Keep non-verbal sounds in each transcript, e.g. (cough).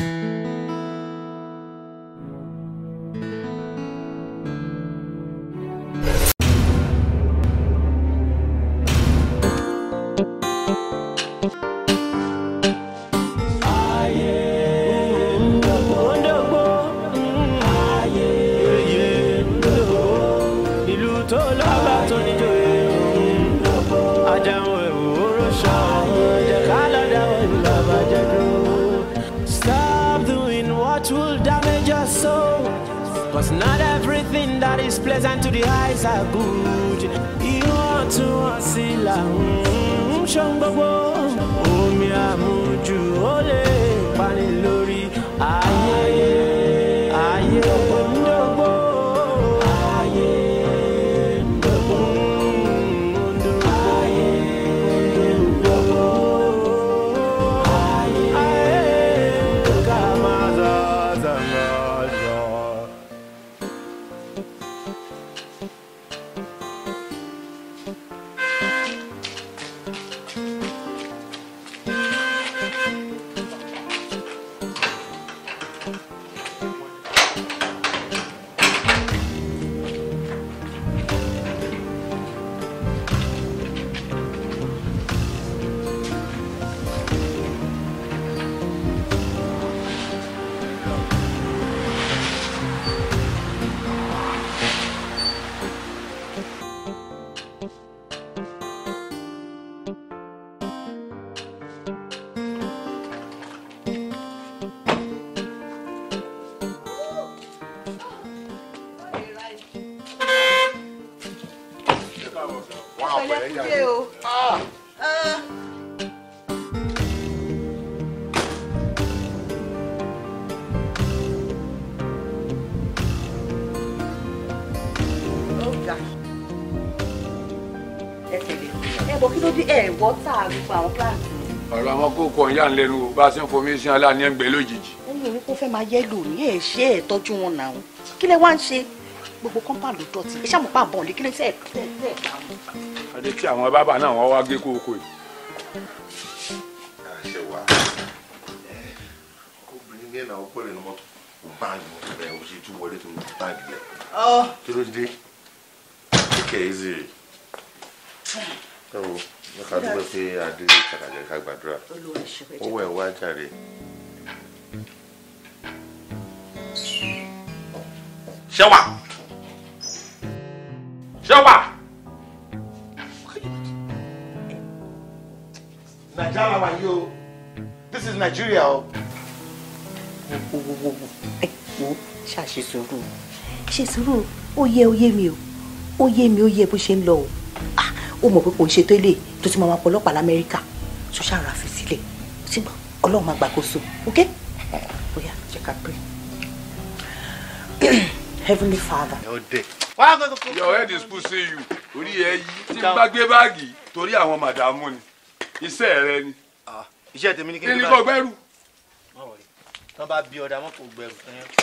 Thank you. is a good ìwọ̀ntúnwọ̀nsì là ń ṣọ́ gbogbo. ń yà ń lẹ́nu o bá a ṣe ń fomi sí aláàánú ẹ̀ ń gbẹ lójijì. ẹni òní kò fẹ́ máa yẹ lò ní ẹ̀ ṣe ẹ̀ tọ́jú wọn náà kí lẹ wá ń ṣe gbogbo kọ́ńpáàlù dọ̀tí ẹ ṣàmù pa àbọ̀n lékele tẹ́ ẹ̀ tẹ́ ẹ̀ bá wọn. adé tí àwọn bábà náà wọ́n wá gé kókó yìí. ṣe wà obìnrin yẹn náà ó pẹ̀lẹ́ ní mọ́tò báàgì rẹ̀ ó sì tún wọlé tó ń báàgì rẹ̀ kí ló dé. ṣe adéré kàkàjẹ́ ká gbàdúrà ó wẹ̀ wá jàre. ṣẹ́wà ṣẹ́wà. nàìjíríà wà yìí o this is Nigeria o. wo ṣàṣì sùúrù ṣe sùúrù ó yẹ ó yé mi o ó yé mi ó yẹ bó ṣe ń lọ o ah, ó mọ̀ pé kò ń ṣe tó lè tó ti máa pọlọ́pàá lamẹ́ríkà tó ṣàrà fi sílẹ̀ ṣùgbọ́n ọlọ́run máa gbàkóso ok bóyá jẹ́ ká pray (clears throat) heavenly father. your head is pushing you orí ẹ yí tí n bá gbé báàgì torí àwọn màdàmú ni iṣẹ́ rẹ ni iṣẹ́ tèmi ni kí n kò gbẹ́rù tán bá bí ọ̀dà mọ́kò gbẹ̀rù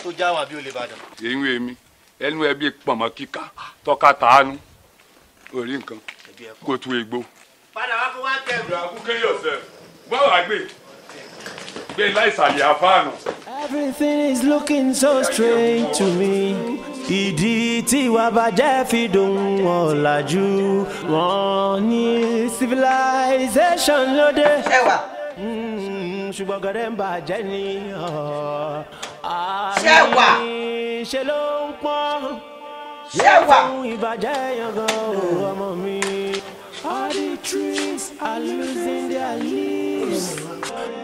tó já wọn àbí olè ìbàdàn. èyí wé mi ẹnu ẹbí pọ̀nmọ́ kíkà tọ́ka tàánú orí nǹkan kò tu egbò padà wá kó wá kẹrù. you are cooking yourself báwo a gbé gbé láìsàlẹ̀ àfáànù. everything is looking so strange to me ìdí tí ìwà bàjẹ́ fi dùn wọ́n làjú wọ́n ní civilization lóde. ẹ wà. Hmm, ṣùgbọ́n gẹ̀rẹ́ ń bàjẹ́ ni ṣe wà. ṣe ló ń pọ́n. ṣe wà. ìbàjẹ́ yangàn hmm. ọmọ mi. All the trees are losing their leaves.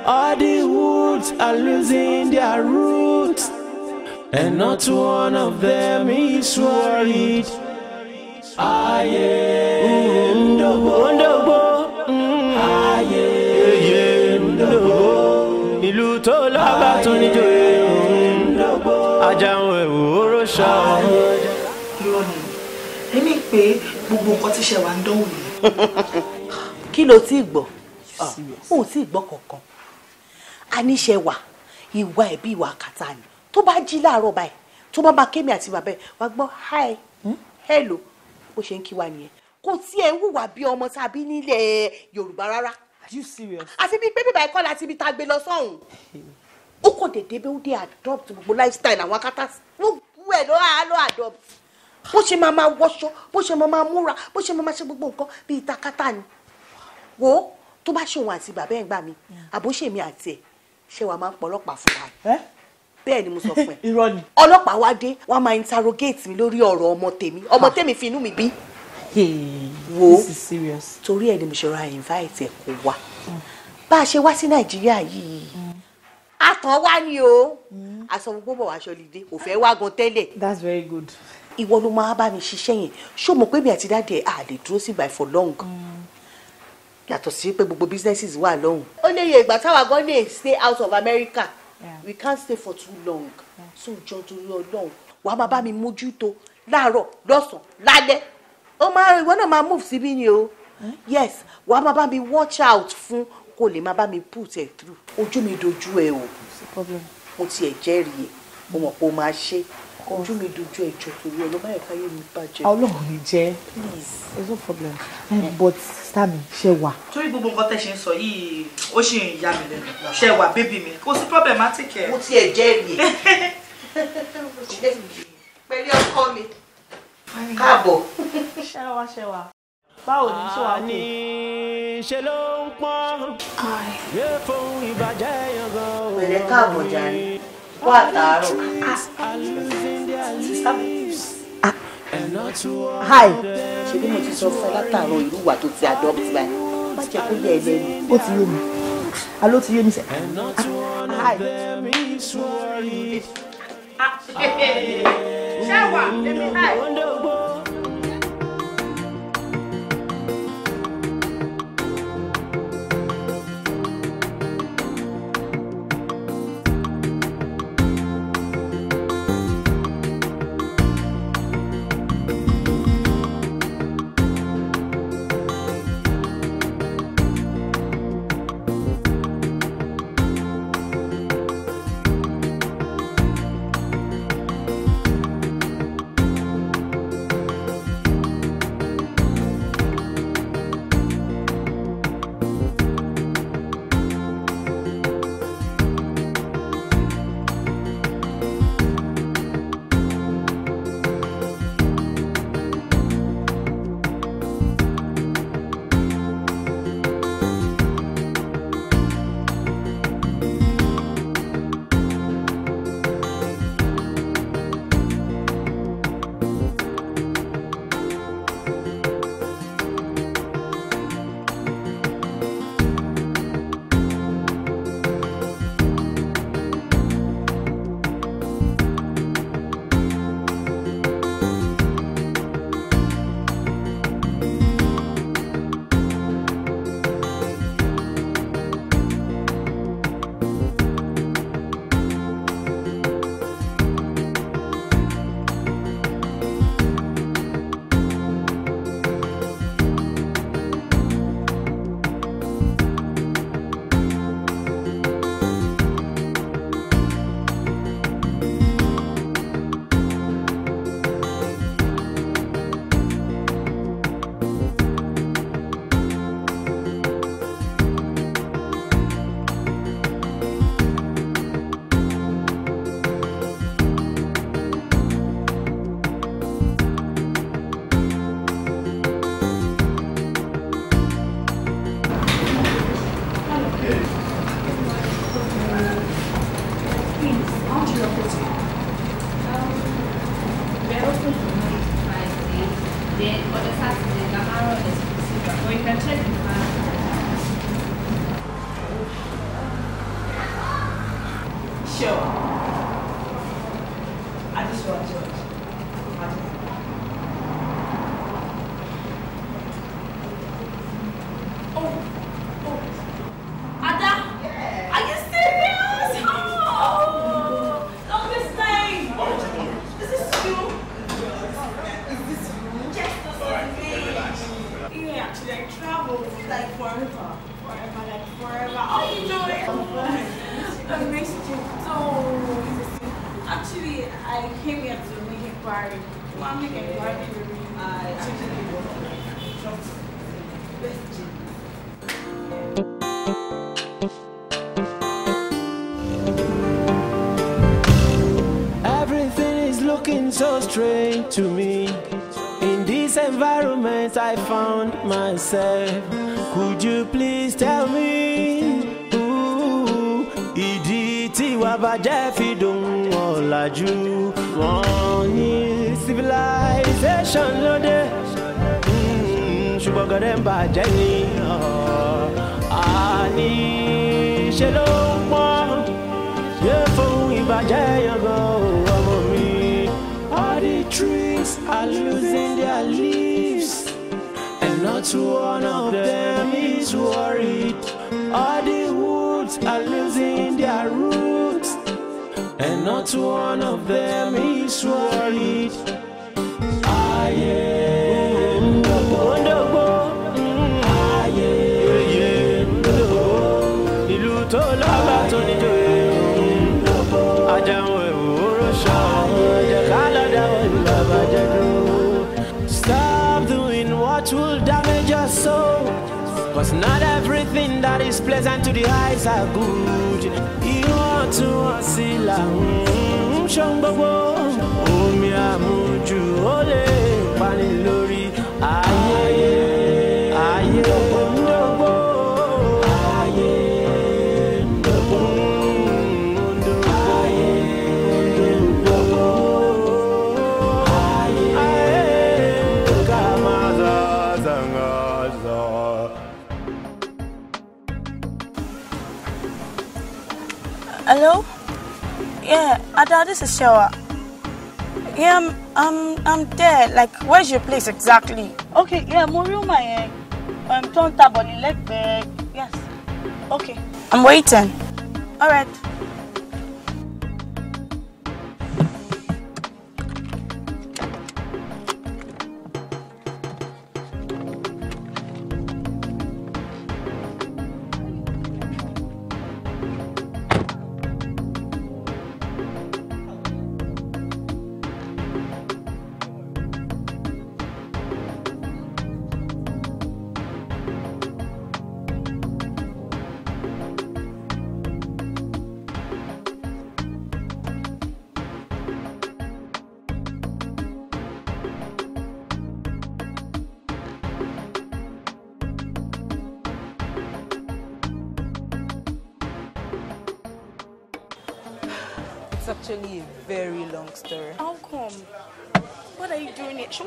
All the woods are losing their roots. And not one of them is worried. I am ndobo, ndobo. am mm. ndobo. Ìlú tó lábàá tó níjòyè. Ajáhùn ẹ̀wò oró ṣáà. Èmi pé gbogbo nǹkan tí ṣe wà ń dánwò nìyẹn kí ló ti gbọ́ ah, ò tí ì gbọ́ kankan àníṣe wà ìwà ẹ̀bí ìwà kàtà ni tó bá jí láàárọ̀ báyìí tó bá bá kémi àti bàbá ẹ̀ wá gbọ́ hi hmm, hello ó ṣe ń kí wa nìyẹn kò tiẹ̀ ń hùwà bí ọmọ tàbí nílẹ̀ Yorùbá rárá. Are you serious? àti bíi pé bíbá ẹ̀kọ́ la ti bi ta gbé lọ sọ́hùn ó kò dédé bí ó dé adopt gbogbo lifestyle àwọn akátá gbogbo ẹ̀ ló adopt bó ṣe máa máa wọṣọ bó ṣe máa máa múra bó ṣe máa máa ṣe gbogbo nǹkan bíi takata ni wo tó bá ṣe òun àti bàbá ẹ̀ ń gbà mí àbó mi àti ẹ̀ ṣé wàá máa ń pọ ọlọ́pàá fún wa bẹ́ẹ̀ ni mo sọ fún ẹ (laughs) irọ́ ni ọlọ́pàá wá dé wàá máa interrogate mi lórí ọ̀rọ̀ ọmọ tèmi ọmọ tèmi fi inú mi bí wo torí ẹ̀ ni mo ṣe ra invite ẹ̀ kó wá hmm. bá a ṣe wá sí nàìjíríà yìí àtàn hmm. wá ni o àsọ hmm. gbogbo bọ̀ wá aṣọ lè dé òfẹ́ wá gan tẹ́lẹ̀. that's very good ìwọ ló máa bá mi ṣiṣẹ́ yẹn ṣó mọ̀ pé mi àti dáàdì ẹ̀ à lè dúró sí ibà for long hmm. yàtọ̀ sí pé gbogbo businesses wà lọ́hùn. ó ní iye ìgbà táwa gan lè stay out of America yeah. we can't stay for too long so jọ torí Ọlọ́run wàá máa bá mi mójútó láàárọ̀ lọ́sàn-án lálẹ́ ó máa ìwọ náà máa move síbí ni o hmm? yes wàá máa bá mi watch out fún kó lè máa bá mi put ẹ through ojú mi dojú ẹ o mo tiẹ̀ jẹ́rìí ẹ mo mọ̀ pé o máa ṣe ojú mi dojú ẹjọ́ torí ẹ ló bá ẹka yé mi jẹ please there's no problem but sami ṣe wà. torí gbogbo nǹkan tẹ́ ṣe ń sọ yìí ó ṣì ń yá mi lẹ́nu ṣe wà bébí mi kò sí problem á ti kẹ́. mo tiẹ̀ jẹ́ èyí (laughs) ọkọ mi káàbọ̀. ṣé wàá ṣe wà báwo ni ṣé wàá ní ṣe ló ń pọ́n yé fún ìbàjẹ́ yangàn. pẹ̀lẹ́ káàbọ̀ jàre wà á sísá hi ṣe bí mo ti hi. ṣé lèmi hi. strange to me. In this environment, I found myself. Could you please tell me? Ooh, ìdí tí wàá bàjẹ́ fi dohun ọ̀làjú. civilization lóde. Hmm, ṣùgbọ́n gọ́dẹ̀ ń bàjẹ́ ni. ani shelo ló ń pọ́n. Yé fún not one of them is worried. I am I am the wonderful. Ìlú tó Stop doing what will damage your soul. not everything that is pleasant to the eyes are good. You tún wọ́n sí là ń ṣan omi àmujù ó pani lórí. Ada, this is Shewa. Yeah, I'm, I'm, I'm there. Like, where's your place exactly? Okay, yeah, mo rí ọmọ yẹn. Um, tó ń tabọ̀ ní Yes. Okay. I'm waiting. All right.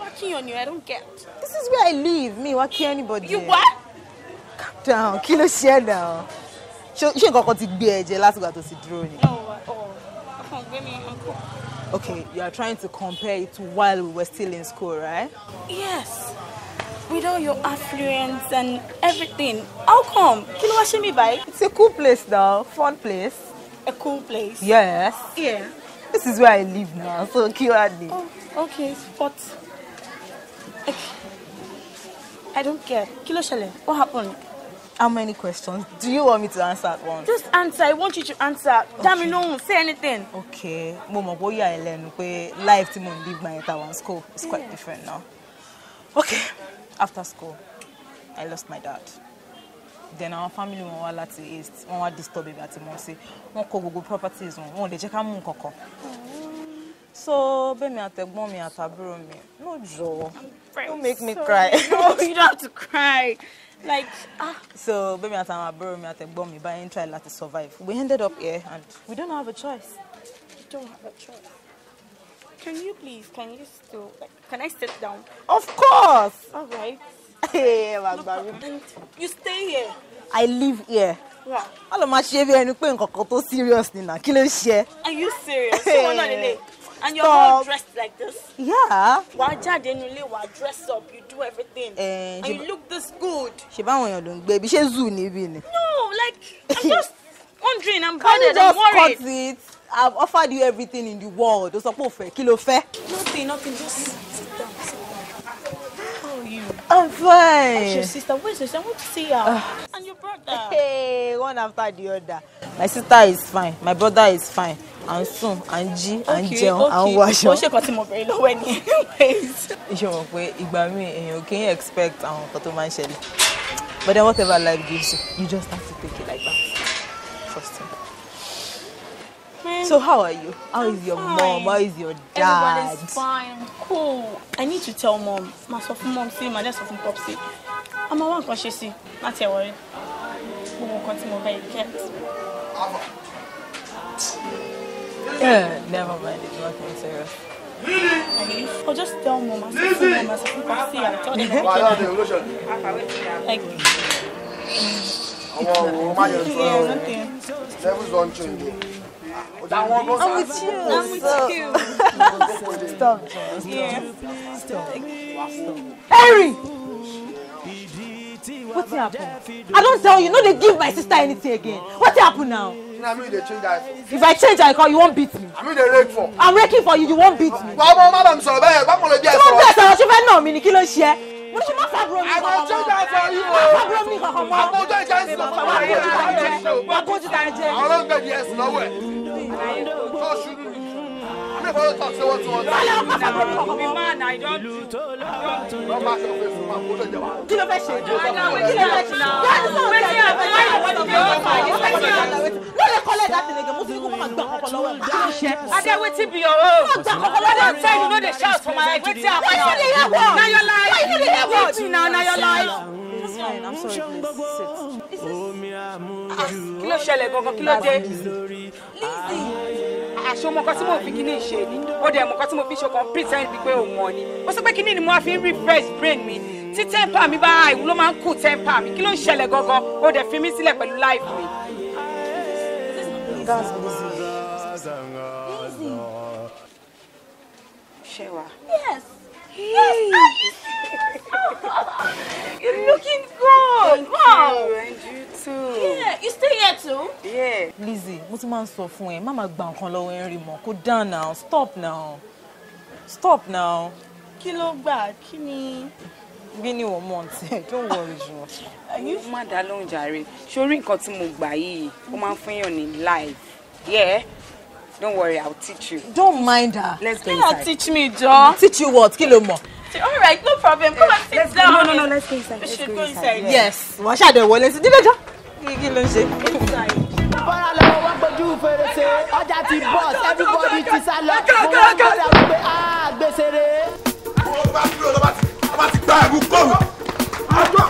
working on you? I don't get. This is where I live. Me working anybody. You what? Calm down. Kí ló ṣe now. You ṣé nǹkan kan ti gbé ẹ jẹ to tó ti dúró Oh, oh. Ọkàn gbé mi Okay, you are trying to compare it to while we were still in school, right? Yes. With all your affluence and everything. How come? Kí ló wash me by? It's a cool place now. Fun place. A cool place? Yes. Yeah. This is where I live now, so kill wá ni? Oh, okay, spot. I don't care. Kilo ló what happened? How many questions do you want me to answer at once? Just answer. I want you to answer. Okay. Dá mi lóhùn. Say anything. Okay. Mo mọ̀ bóyá ẹ lẹ́nu pé life tí mo live my entire school is quite yeah. different now. (laughs) Okay. After school, I lost my dad. Then our family wọn wá láti east. Wọ́n wá disturb èmi àti mọ̀ sí. Wọ́n kó gbogbo properties wọn. Wọ́n ò lè jẹ́ so baby, I take àtẹ̀gbọ́n mi àtàbúrò me. no joke. don't make me cry. (laughs) no you don't have to cry like ah. so bẹ́mi àtàwọn àbúrò mi àtẹ̀gbọ́n mi báyìí ń try to survive we ended up here and we don't have a choice. we don't have a choice. Can you please, can you still, like, can I sit down? Of course! All right. (laughs) Hey, Look, you stay here. I live here. Yeah. All of my ṣe bí ẹni pé nǹkan kan tó serious ni na. Kí ló Are you serious? Ṣé wọn náà (laughs) And you're all dressed like this. Yeah. Wàá jáde nínú ilé, wàá dress up, you do everything. Eh, and you look this good. Ṣé báwọn èèyàn ló ń gbé ibi? Ṣé zoo ni ni? No, like, I'm (laughs) just wondering, I'm bothered, I'm worried. Can you just cut it? I've offered you everything in the world. O sọ pé o fẹ́, kí lo fẹ́? Nothing, nothing, just. I'm fine. Where's your sister? Where's your sister? I want to see her. Uh, and your brother. Hey, one after the other. My sister is fine. My brother is fine. À ń sùn, à ń jí, à ń jẹun, à ń wáṣọ. Ó ṣe kan tí mo bẹ̀rẹ̀ lọ́wọ́ ẹni anyways. Ṣé mo pé ìgbà míì expect àwọn nǹkan tó máa But then whatever life gives you, you just have to take it. So how are you? How I'm is your fine. mom? How is your dad? Everybody's fine, cool. I need to tell mom. My sọ mom sí, my dẹ̀ sọ fún pop sí. Àmọ́ wá nǹkan ṣe sí, má tiẹ̀ wọrí. Gbogbo nǹkan tí mo bẹ̀ yìí get. Eh, never mind, it's nothing serious. Okay. I'll just tell mom. I said, mom, I said, pop sí, I told them. Wà á dáadé olóṣèlú. Àwọn ọ̀rọ̀ máa my fún ẹ o. Levels don change. I'm with you. I'm with so. you. Stop. Yeah. Stop. What happened? I don't tell you, no, they give my sister anything again. What happened now? I mean, they change that. If I change that call, you won't beat me. I mean, they rake for. I'm raking for you, you won't beat me. Well, well, madam, sorry, but I'm going to be a sorry. I'm going to be a sorry. I'm going to be a sorry. mo ní kí n má fàbúrò mi kankan mọ́ má fàbúrò mi kankan mọ́ àbójú ìjà ìsìn lọ́wọ́ àbójú ìjà ìjẹ́ àbójú ìjà ìjẹ́. àwọn ọlọ́gbẹ̀dì ẹ̀sìn lọ́wọ́ ẹ̀. Talk shooting. I'm not going to talk to what you want. You be mad, I don't. Don't back your face from my bullet. Kí ló fẹ́ ṣe? Kí ló fẹ́ ṣe? Yàrá sọ̀rọ̀ kí ẹ̀ fẹ́ ṣe àwọn ọmọdé ọmọ yìí. Ó fẹ́ ṣe àwọn ọmọdé. Lọ́lẹ̀ kọ́lẹ̀ dá tẹ̀lé gẹ̀mú sí kó máa gbà ọkọ̀ lọ́wọ́ ẹ̀. Kí ló ṣe? Adé wetin be your own? Wọ́n gbà ọkọ̀ lọ́wọ́ ẹ̀. Wọ́n tell you no dey shout for my head. Wetin happen now? Na your life. Na your life explain i'm sorry please ah, ah, mi bá àìwú ló máa ń kú temper mi kí ló ń ṣẹlẹ̀ gangan ó dẹ̀ fi mí sílẹ̀ pẹ̀lú life mi. yes. yes. You're looking good. Thank wow. you, and you too. Yeah, you stay here too? Yeah. Lizzie, mo ti máa ń sọ fún ẹ, má máa gba nǹkan Henry mọ́, kó down now, stop now, stop now. Kí ló gbà? Kí ni? Bí ni wọ́n don't worry Jo. Mo má dá lóhùn jàre, sórí nǹkan tí mo gbà yìí, ó máa ń life. Yeah. Don't worry, I'll teach you. Don't mind her. Let's go inside. Kí teach me, Jo? Teach you what? Kí ló mọ̀? She, all right, no problem. Come and sit let's down. Go, no, no, no, let's go inside. We should go inside. Yes. Wọ́n ṣàdé wọlé sí dídéjọ́. Kí ló ń ṣe? Bọ́lá lọ́wọ́ wọ́n gbójú fèrèsé, ọjà ti bọ̀, everybody ti sá lọ, mo wá bọ́lá wípé á ah, gbèsè rè é. Wọ́n bá dúró lọ́ba ti ọba ti gba ẹ̀rù kọ́ọ̀rù. Àjọ.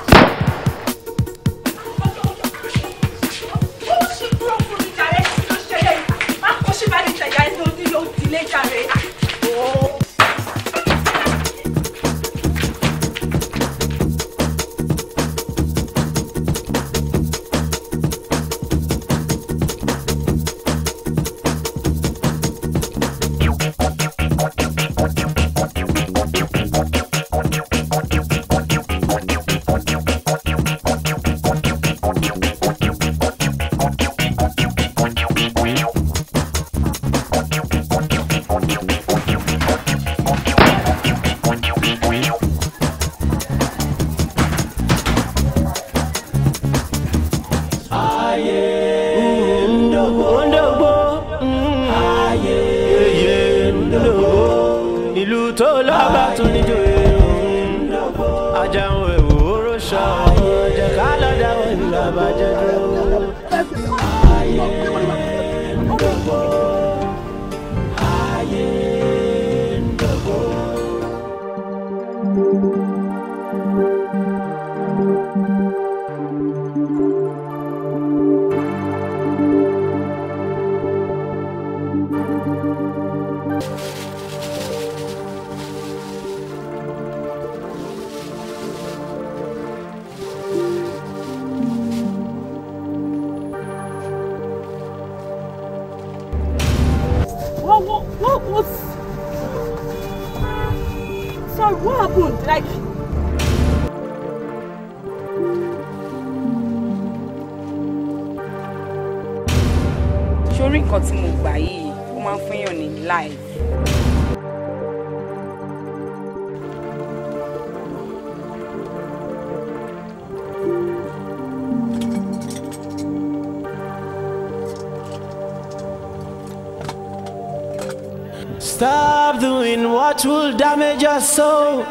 Stop doing what will damage your soul.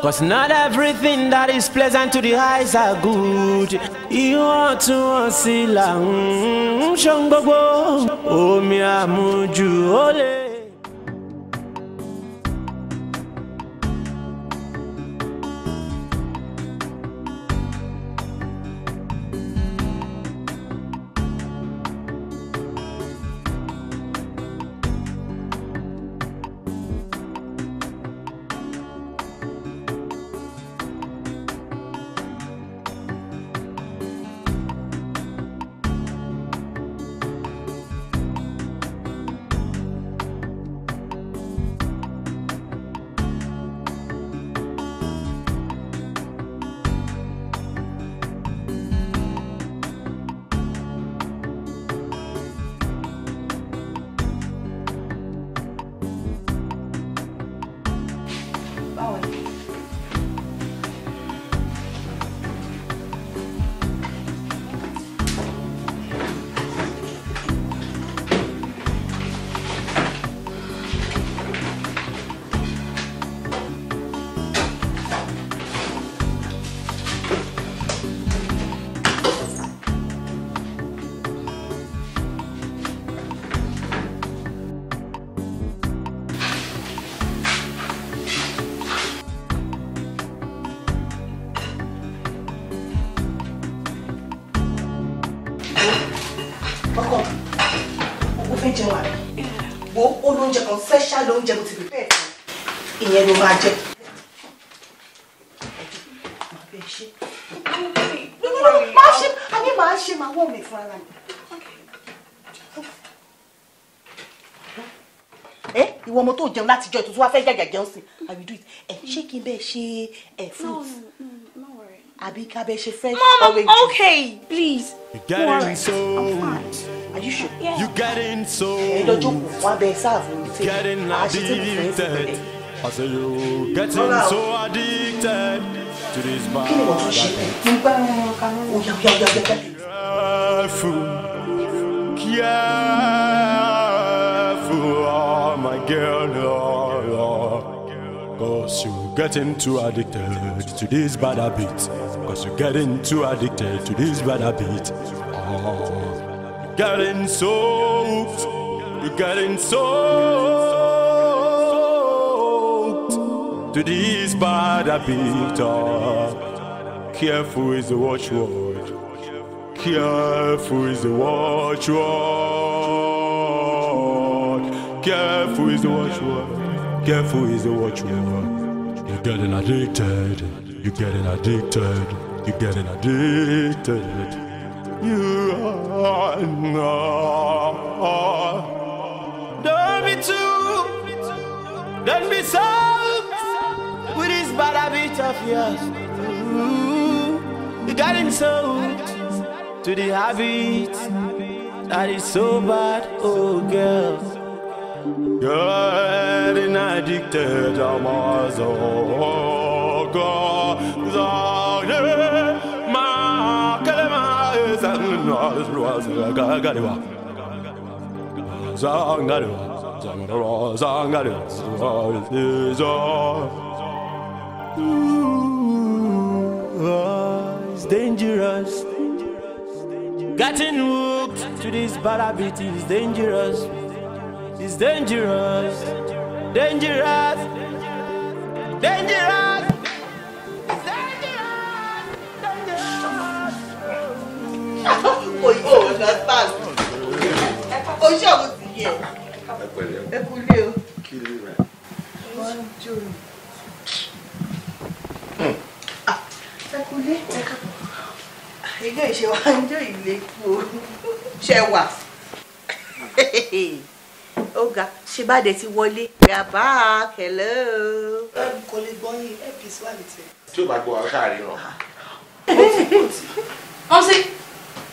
Cause not everything that is pleasant to the eyes are good. You want to see long ń ṣọ́ gbogbo. Omi àmujù special oúnjẹ mo ti fi bẹ́ẹ̀ ìyẹn ló máa jẹ. máa ṣe àní máa ṣe máa wọ̀ mí fún ara mi. ẹ ìwọ ọmọ tó jẹun láti jọ ètò tó wá fẹ́ jàjà jẹun sí i will do it ẹ ṣé kí n bẹ ṣe ẹ fruit mm, àbí ká bẹ ṣe fresh orange. mom okay please. you get it so. I'm fine. Are you sure? Yeah. You getting so. Ẹyin lọ jókòó wọn abẹ sáàfù Getting addicted. I say you getting so addicted to this bad. Kí ni mo tún ṣe? Mo gbá wọn kaná. Ó yà ó yà ó yà Careful, careful, oh my girl, oh, oh. Cause you getting too addicted to this bad habit. Cause you getting too addicted to this bad habit. Oh. Getting soaked. You're getting soaked to these bad habits. Careful is the watchword. Careful is the watchword. Careful is the watchword. Careful is the watchword. You're getting addicted. You're getting addicted. You're getting addicted. Don't be too, don't be with this bad habit of yours. You got him to the habit that is so bad, oh girl. addicted, i It's dangerous. Getting hooked to this bad habit is dangerous. It's dangerous. Dangerous. Dangerous. dangerous. oyè understand oṣù ọ̀hún ti yẹ ẹ kú lé o. ẹ kú lé ilé ìṣe wa ń jó ilé kú o ṣe wà ó ga ṣe bá dé ti wọlé yàbá kẹlẹ o. ẹ kò lè gbọ́ yín ẹ bí sí wà ní tiẹ̀. tí o bá gbọ́ ọ ṣáà ríran. ọ̀sìn.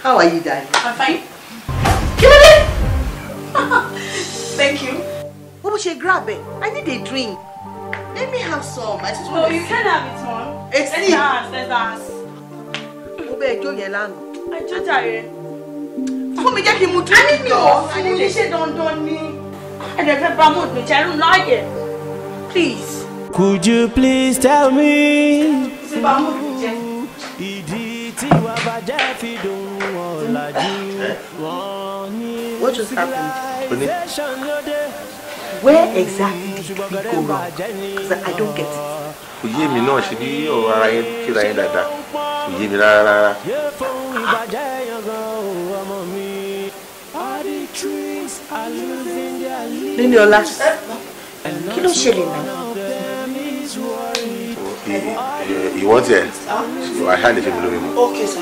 How are you, darling? I'm fine. Kílódé! (laughs) Thank you. What was she grab it? I need a drink. Let me have some. I just want. No, you can have it, mom. It's dance. Let's dance. Mo bẹ ẹjọ́ yẹn lánàá. Ẹjọ́ jàre. Fún mi jẹ́ kí n mu drink. I need more. I need ṣe dandan ni. Ẹ̀dẹ̀ fẹ́ bá mood mi jẹ́rù láàyè. Please. Could you please tell me? Ṣé bá mood bàjẹ́ fi dòun ọ̀làjú wọn ní civilization lóde. Where exactly did we go wrong? Because I don't get it. Kò yé mi náà ṣe bí ọ̀rọ̀ ara yẹn kíra yẹn dáadáa. Kò yé mi rárá rárá. Níní ọlá, kí ló ṣẹlẹ̀ náà? Eh, Ìwọ́n tiẹ̀, wàá ṣàlẹ̀ fún mi lórí mu. Okay sir.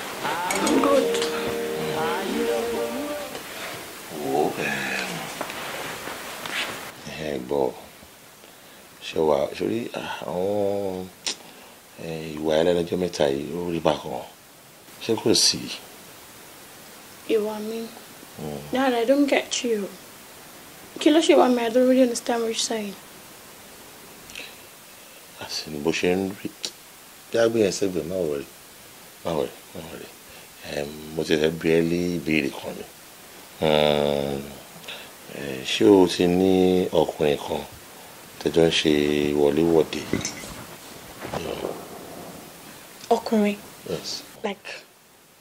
bọ̀ ṣọwà sórí àwọn ìwà ẹlẹ́nijọ́ mẹ́ta yìí ó rí bákan ṣé kò sí. ìwà mi Dad, hmm. I don't get you kí ló ṣe wà mí I don't really understand what you're saying. àṣì ni bó ṣe ń rí bí a gbìyànjú ẹsẹ̀gbẹ̀ má wọlé má wọlé má wọlé mo ti fẹ́ bí ẹ lé ìbéèrè kan ni. Um, ṣé o ti ní ọkùnrin kan tẹjọ ń ṣe wọléwọ̀de. ọkùnrin like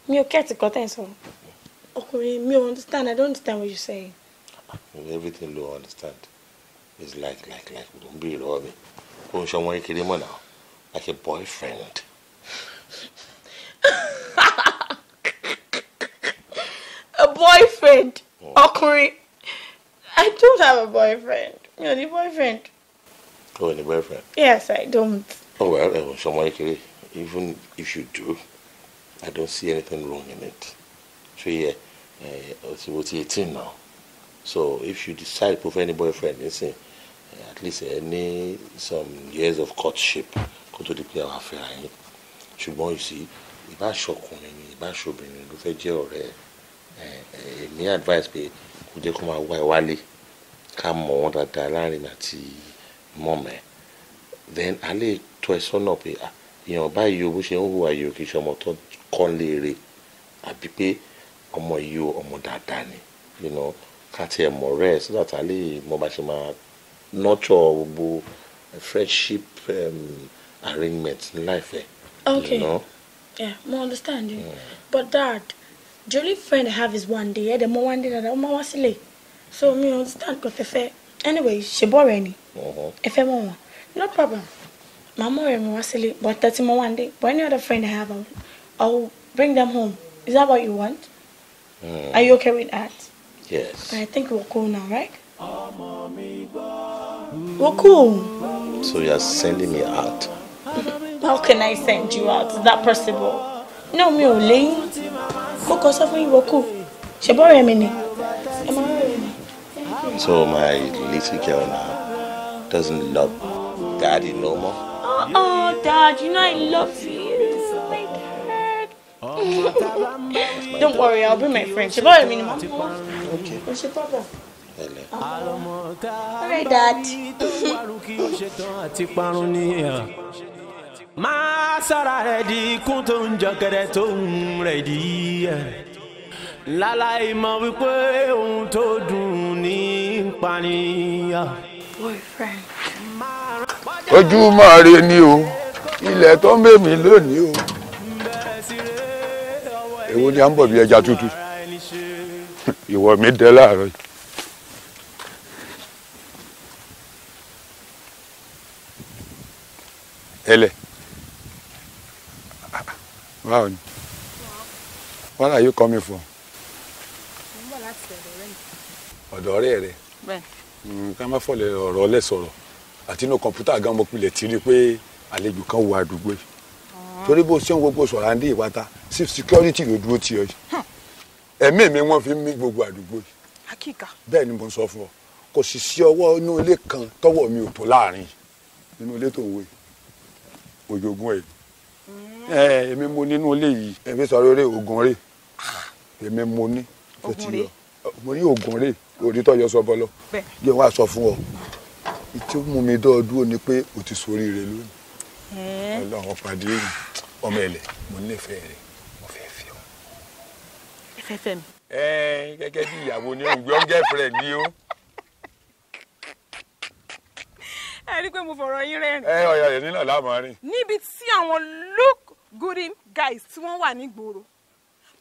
mi ò kẹ́ẹ̀tì kan tẹ̀ sọ ọkùnrin mi ò understand i don't understand what ah, you say. everything lo understand is like like like ló ń bí ìlọ́wọ́ mi ó ń ṣọmọ kékeré mọ̀ náà like a boyfriend. (laughs) a boyfriend oh. ọkùnrin. Oh. I don't have a boyfriend. Mi ò ní boyfriend. O oh, ò boyfriend? Yes, I don't. Oh well, ẹ̀wọ̀n ṣọmọ kékeré, even if you do, I don't see anything wrong in it. So yeah, eh, o ti wo eighteen now. So if you decide to have any boyfriend, nisin, eh, at least ẹ ní some years of courtship kó tó di pé àwọn afẹ́ra yín. Ṣùgbọ́n you see, ìbáṣọkùnrin ni ìbáṣọbìnrin ló fẹ́ jẹ́ ọ̀rẹ́ ẹ̀ ẹ̀ ní advice pé kò jẹ́ kó máa wá ẹ wálé ká mọ̀ wọ́n dáadáa láàrin àti mọ̀mẹ́ then a lè ẹ sọ́nà pé èèyàn báyìí o bó ṣe ń hùwà yìí o kì í ṣe ọmọ tó kọ́ léèrè àbí pé ọmọ yìí o ọmọ dáadáa ni you ká tiẹ̀ mọ̀ rẹ̀ so that a lè mọ bá ṣe máa nurture gbogbo friendship um, arrangement in life okay you know? yeah mo understand you mm. but dad the only friend I have is one day ẹ̀ dẹ̀ mo one day dada ó máa wá sílẹ̀ so mi ò understand kò tẹ fẹ́ anyway ṣe bọ́ rẹ ni uh-huh. ẹ fẹ́ mọ̀ wọn no problem màá mọ̀ rẹ̀ mi wá sílé but thirty more one day but any other friend I have I will bring them home is that what you want mm. are you okay with that yes I think we're cool now right. We're cool. So you're sending me out. (laughs) How can I send you out? Is that possible? No, mi ò lẹ́yìn. Kókó sọ fún ìwọ́kù. Ṣèbọ̀rẹ̀ mi ni. So my little girl now doesn't love daddy no more. Oh, oh dad, you know I love you. Don't worry, I'll bring my friend. She bought me mom. Okay. What's your problem? Hello. All dad. (laughs) láláì mọ̀ wípé ohun tó dùn ní ìpànìyàn. ojú máa re ni o ilẹ̀ tó ń bè mí lónìí o èwo ni à ń bọ̀ bí ẹja tútù ìwọ mi dẹ láàárọ̀ yìí. ẹlẹ báwo ni what are you coming for ọ̀dọ̀ ọ̀rẹ́ rẹ hmm, ká má fọlẹ̀ ọ̀rọ̀ lẹ̀ sọ̀rọ̀ àti inú kọ̀ǹpútà gan mo pilẹ̀ ti rí i pé àlejò kan wọ àdúgbò yìí ah. torí bó ṣe ń gbogbo sọ̀rọ̀ àǹdí ìpata sí security ló dúró tì ọ́ yìí ẹ̀mí mi wọ́n fi ń mí gbogbo àdúgbò yìí bẹ́ẹ̀ ni mo sọ fún ọ kò sì sí ọwọ́ inú ilé kan tọwọ́ mi ò tó láàrin nínú ilé tó wé òjògùn ẹ̀ ẹ èmi mo nínú ilé yìí èmi sọ rere ògùn rè èmi mo ní tó ah. ti yọ mo ní oògùn rè òrítọ́ yọ sọ bọ́lọ́ yẹ wá sọ fún ọ ìtí ó mú mi dọ́ọ̀dúró ni pé o ti ṣoríire lónìí ọlọ́run pàdé èyí ọmọ ẹ̀lẹ̀ mo nífẹ̀ẹ́ rẹ mo fẹ́ fi ọ. ẹ fẹ́ fẹ́ mi. ẹ gẹ́gẹ́ bí ìyàwó ni òwúrọ̀ ń gẹ́fẹ̀rẹ̀ ni ó. ẹ rí i pé mo fọ̀rọ̀ yín rẹ́rìn. ẹ ọ̀yà rẹ̀ nílò láàmú rìn. níbi tí àwọn look good guys tí wọ́n wà nígboro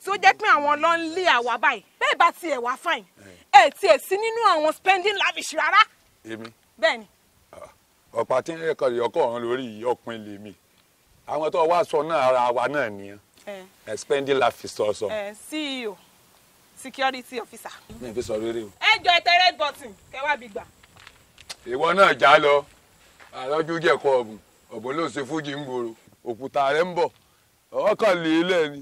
tí ó jẹ́ pé àwọn ló ń lé àwa báyìí bẹ́ẹ̀ bá tiẹ̀ wá fine ẹ̀ tiẹ̀ sí nínú àwọn spending lavish rárá. èmi bẹ́ẹ̀ ni. Ah, ọ̀pá tí ń rẹ́kọ̀ọ́ ìyọkọ̀ ọ̀run lórí ọ̀pin ilé mi àwọn tó wá sọ náà ara wa náà nìyẹn ẹ̀ spending lavish sọ̀sọ̀. ẹ CEO security officer. mi ò fi sọ rere o. ẹ jọ ẹtẹ red button kẹwàá bí gbà. ìwọ náà já lọ àlọ́jú jẹ̀kọ́ ọ̀gùn ọ̀bọ̀n ló ṣe fújì ń gbòòrò òkúta rẹ̀ ń bọ̀ ọkàn lè lẹ́ni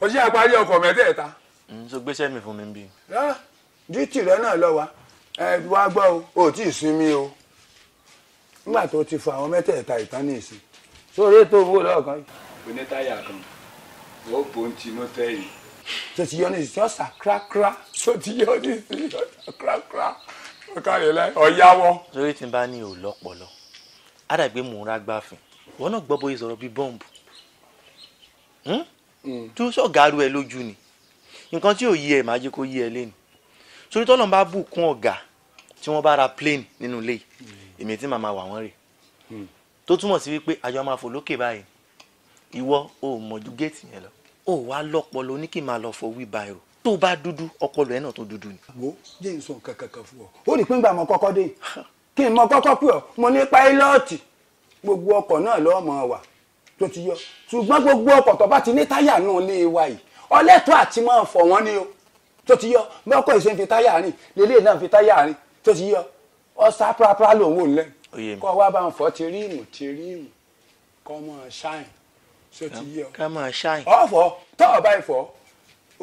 o ṣe àparí ọkọ̀ mẹ́tẹ̀ẹ̀ta. so gbéṣẹ́ mi fún mi bí. dútì rẹ náà lọ wa ẹ gbọ́ o ò tí ì sinmi o nígbà tó ti fọ àwọn mẹ́tẹ̀ẹ̀ta ìtàn ní ìsìn sórí ètò owó lọ́ọ̀kan yìí. onítáyà kan ó bò ń tinú tẹ́yìn. tó ti yọ ní ìsìn ọ̀sà kíákíá tó ti yọ ní ìsìn ọ̀sà kíákíá ọ̀kàlẹ̀ láì ọ̀yáwọ́. sórí tí n bá ní ò lọ́pọlọ á dàgbé mò ń rágbáfin wọn náà gbọ́ bóyá sọ̀rọ̀ bíi bọ́ǹbù hmm? Mm. tó sọ̀gáru ẹ lójú ni nǹkan tí ò yí ẹ máa jẹ́ kó yí ẹ lẹ́nu sórí tọ́lọ́n bá bùkún ọ̀gá tí wọ́n bá ra plane nínú ilé mm. èmi tí màmá wà wọ́n rè mm. tó túmọ̀ sí wípé àjọ máa fò lókè báyìí ìwọ ò mọ̀ ju géètì yẹn lọ ò wá lọ́pọlọ ní kí n máa lọ fọ wheelbarrow tó bá dúdú ọpọlọ ẹ náà tó dúdú ni. wo jẹ́ ìsọ kankan fún ọ ó rí pínpín àmọ́ kọ́kọ́ dé (laughs) kí n mọ kọ́kọ́ pé ọ mo ní páílọ́ọ̀tì gbogbo ọkọ̀ náà lọ́ọ́ mọ̀ wà tó ti yọ ṣùgbọ́n gbogbo ọkọ̀ tó bá ti ní táyà náà lé wa yìí ọlẹ́tọ̀ àti máa fọ̀ wọ́n ni o tó ti yọ bí ìṣe ń fi táyà rìn lélẹ̀ náà fi táyà rìn tó ti yọ ọ̀sá pàápàá lòun ò lẹ́ kọ́ wa bá ń fọ́ ti rí ìmù ti rí ìmù kọ́ máa ṣáìn tó ti yọ ọ̀fọ̀ tọ́ ọ̀bá ìfọ̀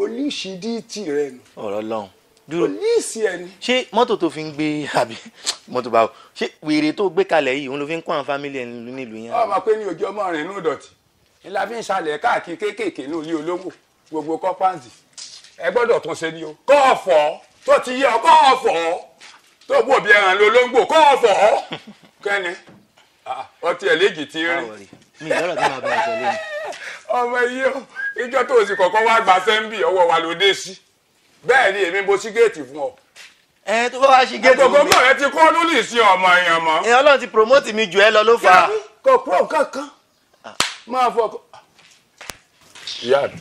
oníṣídìí tì rẹ̀ nù. ọ̀rọ̀ lọ́hùn dúró. polisi ẹ ni. ṣé mọ́tò tó fi ń gbé àbí mọ́tò báwo ṣé wèrè tó gbé kalẹ̀ yìí òun ló fi ń kó àwọn fámìlì ẹ̀ nílùú yẹn. ọmọ pé ní ojú ọmọ rẹ̀ nù dọ̀tí ni la fi ń ṣàlẹ̀ káàkiri kéékèèké ní ilé olówó gbogbo kọ́páǹsì ẹ gbọ́dọ̀ tún ṣe ni o. kọ́ ọ̀fọ̀ tó ti yẹ ọ kọ́ ọ̀fọ̀ tó bú òbí ẹran lólóńgbò kọ́ ọ̀fọ̀ (laughs) kẹ́ni ah, ọtí ẹ̀ léjì ti rí. mi ìlọrọ bí màá bá ẹ jẹ lónìí. (laughs) ọmọ yìí o ìjọ tó o sì kọ̀ọ̀kan wá gbà sẹ́ńbì ọwọ́ wa ló dé sí bẹ́ẹ̀ ni èmi mo ṣí géètì fún ọ. ẹ tó bá wá ṣí géètì fún mi. agogo rẹ ti kọ́ ló lè ṣe ọmọ èèyàn mọ́. ẹ ọlọ́run ti promote mi jù ẹ lọ ló fà á. kò pọ̀ kankan ah. máa fọ ọkọ. ìyá mi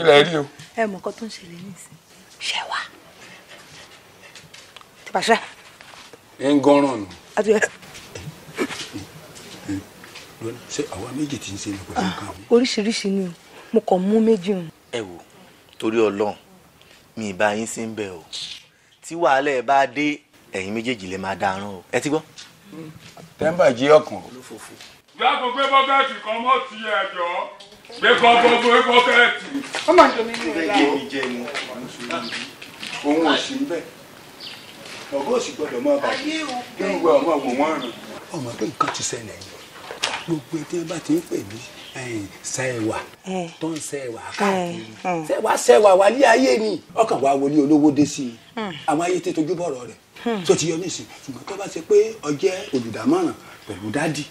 ilẹ̀ rí o. ẹ mọ̀ nǹkan tó ń ṣẹlẹ̀ nísìnyí ṣẹ wá ti pàṣẹ. ẹ ń gọ́ràn nù. ṣé àwa méjì ti ń ṣe ní pẹ̀lú nǹkan mi. Ah, oríṣiríṣi ni mo kàn mú méjì hàn. ẹ wo torí ọlọ́run mi ì bá yín sí ń bẹ̀ o tí wàhálà bá dé ẹ̀yin méjèèjì lè máa dáràn o ẹ ti gbọ́. tẹ́ḿbà jí ọkàn. yàgò gbé bọ́kẹ́tì kan mọ́ ti ẹ̀jọ́ gbé kan gbogbo bọ́kẹ́tì. ó mà ń domi ní ìlà o òun ò sí ń ọgọ́ òsì gbọ́dọ̀ máa bàjẹ́ irú wa ọmọ àwòmọ́ ọ̀run. ọmọ pé nǹkan ti ṣẹlẹ̀ yìí gbogbo ẹtí ẹ bá ti ń pè mí sẹ́wà tó ń sẹ́wà káàkiri sẹ́wà sẹ́wà wà ní ayé ni ọkàn wa wọlé olówó dé sí i hmm. àwọn ayé tètè ojú bọ̀rọ̀ rẹ̀ hmm. tó ti yọ nísìn ṣùgbọ́n tó bá ṣe pé ó jẹ́ olùdámọ̀ràn pẹ̀lú dádì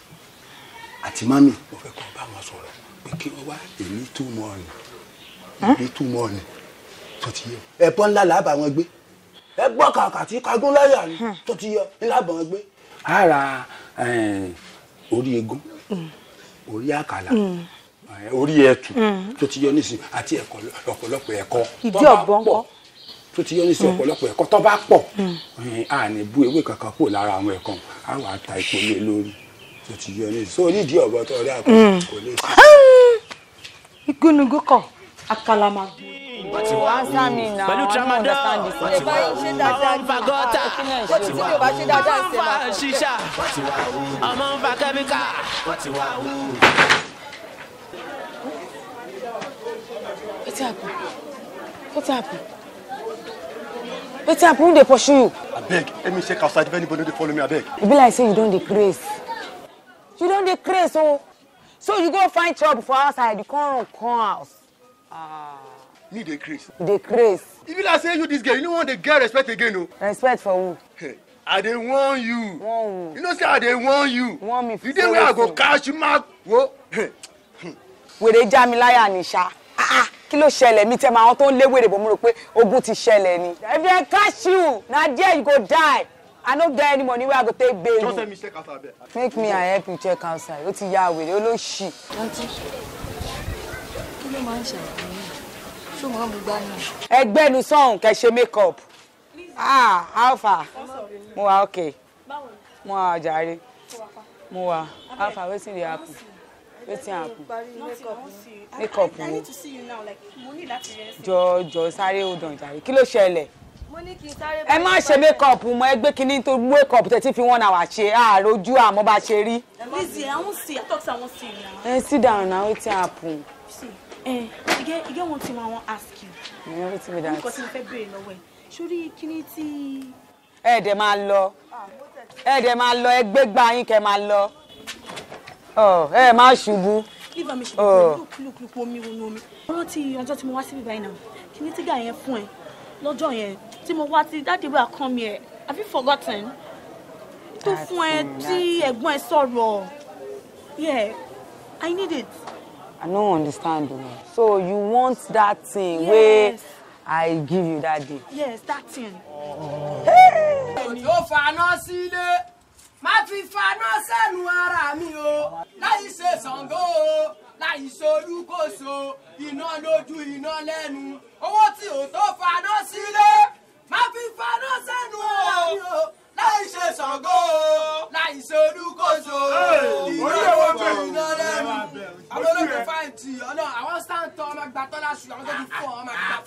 àti mami mo fẹ́ kọ́ bá wọn sọ̀rọ̀ pé kí wọ́n wá èmi túmọ̀ ọ̀nì hmm? èmi túmọ̀ ọ̀nì tó ti yọ ẹ̀bọ ńlá làá bá wọn gbé ẹgbọ́ kàkà tí kagún láyà ni tó ti yọ ńlá bá wọn gbé ara orí egun orí àkàlà mm. eh, orí ẹtù mm. tó ti yọ nísìnyí àti ọ̀pọ̀lọpọ̀ ẹ̀kọ́ ìdí ọ̀bọ̀n kọ́ tó ti yọ ní sí mm. ọ̀pọ̀lọpọ̀ ẹ̀kọ́ tó bá pọ̀ eh, a ní bú ewé kankan kúrò lára àwọn ẹ̀kọ́ a wà ta ìpolé lórí tó ti yọ ní sí orí ìdí ọ̀bọ̀ tó rí kò lè. Ah! igúnnugún kọ àkàlà But you answer me now. Pẹ̀lú tramadol. But you are ṣe dáadáa. Ọmọ ń fa gọ́tà. But you are ṣe dáadáa. Ọmọ ń fa ṣíṣà. Ọmọ ń fa kẹ́míkà. Wetin happen? Wetin happen? Wetin happen? Who dey pursue you? Abeg, let me check outside if anybody they follow me, abeg. E be like say you don't dey You don't dey craze So you go find trouble for outside, you come run come house. Ah me dey grace. dey grace. e be like say you dis girl you no wan dey get respect again o. respect for who. Hey, i dey warn you. warn who. you know say i dey warn you. warn me for wetin. the day wey i go catch you ma wo. wèrè já mi láyà ní ṣá ah, ah, kí ló ṣẹlẹ̀ mi tẹ́ ma àwọn tó ń lé wèrè bò mo rò pé ogun ti ṣẹlẹ̀ ni. if dem catch you na there you go die i no get any money wey i go take bail you. just help me check outside make me i help you check outside o ti ya wèrè o ló ṣì. aunty kí ló máa ń ṣàlàyé ṣó mọ̀ mú gbá mi. ẹgbẹ́ nu sọ̀hún kẹ́ ṣe make up ah alpha mo wa ok mo wa jàre mo wa alpha wetin dey happen wetin happen make up wo jọ jọ sáré hold on jàre kí ló ṣẹlẹ̀ ẹ má ṣe make up mọ ẹgbẹ́ kínní tó make up tẹ̀ tí fi wọ́n náà wá ṣe ààrò ah, ojú àmọ́ ah, bá ṣe rí. ẹ eh, sit down na wetin happen ẹ eh, ẹ get one thing I wan ask you. ẹ ẹ ti mi dá sí. nǹkan tí mo fẹ́ béèrè lọ́wọ́ ẹ sórí kíní tí. ẹ dẹ̀ máa lọ ẹ dẹ̀ máa lọ ẹ gbégbá yín kẹ́ máa lọ oh, ẹ má ṣubú. liva mi ṣubú lùkùlùkù omi wọnú omi. mo rántí ọjọ́ tí mo wá síbí báyìí náà kíní tí gà yẹn fún ẹ lọ́jọ́ yẹn tí mo wá ti dáàdì wà kàn mí ẹ have you forgotten tó fún ẹ tí ẹ̀gbọ́n ẹ sọ̀rọ̀ yeah I need it i no understand you so you want that thing yes. wey i give you that day. yes that thing. ẹni ó faná sílé má fi faná sẹ́nu ara mi o láì ṣe Ṣàngó o láì ṣolúkòso iná lójú iná lẹ́nu owó tí ò tó faná sílé má fi faná sẹ́nu ara mi o láì ṣe Ṣàngó láì ṣe Olúkòso ìyá wọn tó iná lẹ́nu àwọn olóògbé fáìn tì ọ̀nà àwọn sáǹtọ̀ ọmọ ẹgbà tọ́lá ṣù àwọn tó ti fún ọmọ ẹgbà ah,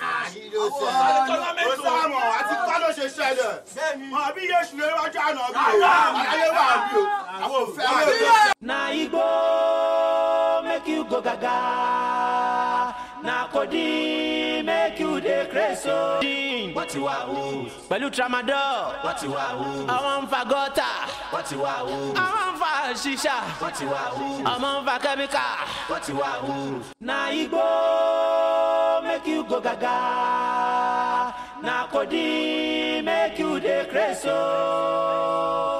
tọ́lá ṣù. ó sàmọ̀ àti kánò ṣe ṣẹlẹ̀ mọ̀ bí yéṣu lè wájú àná bí o ayé wà bí o àwọn òfin àwọn òfin. na igbó make you go gaga codeine make you dey craze o. jean wọ́n ti wá o. pẹ̀lú tramadol. wọ́n ti wá o. àwọn ń fa gọ́tà. wọ́n ti wá o. àwọn ń fa ṣíṣà. wọ́n ti wá o. ọmọ ń fa kẹ́míkà. wọ́n ti wá o. na igbó make you go gaga na codeine make you dey craze oh.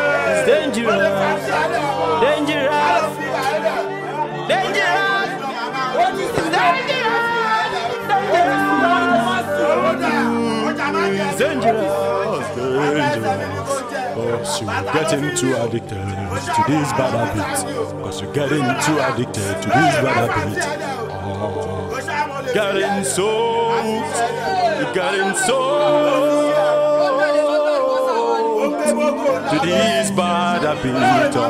Dangerous. Dangerous. Dangerous. What is Dangerous. Dangerous. Dangerous. Cause you getting too addicted to these bad habits. Cause you're getting too addicted to these bad habits. Oh, getting so, getting so to these bad habits. Oh.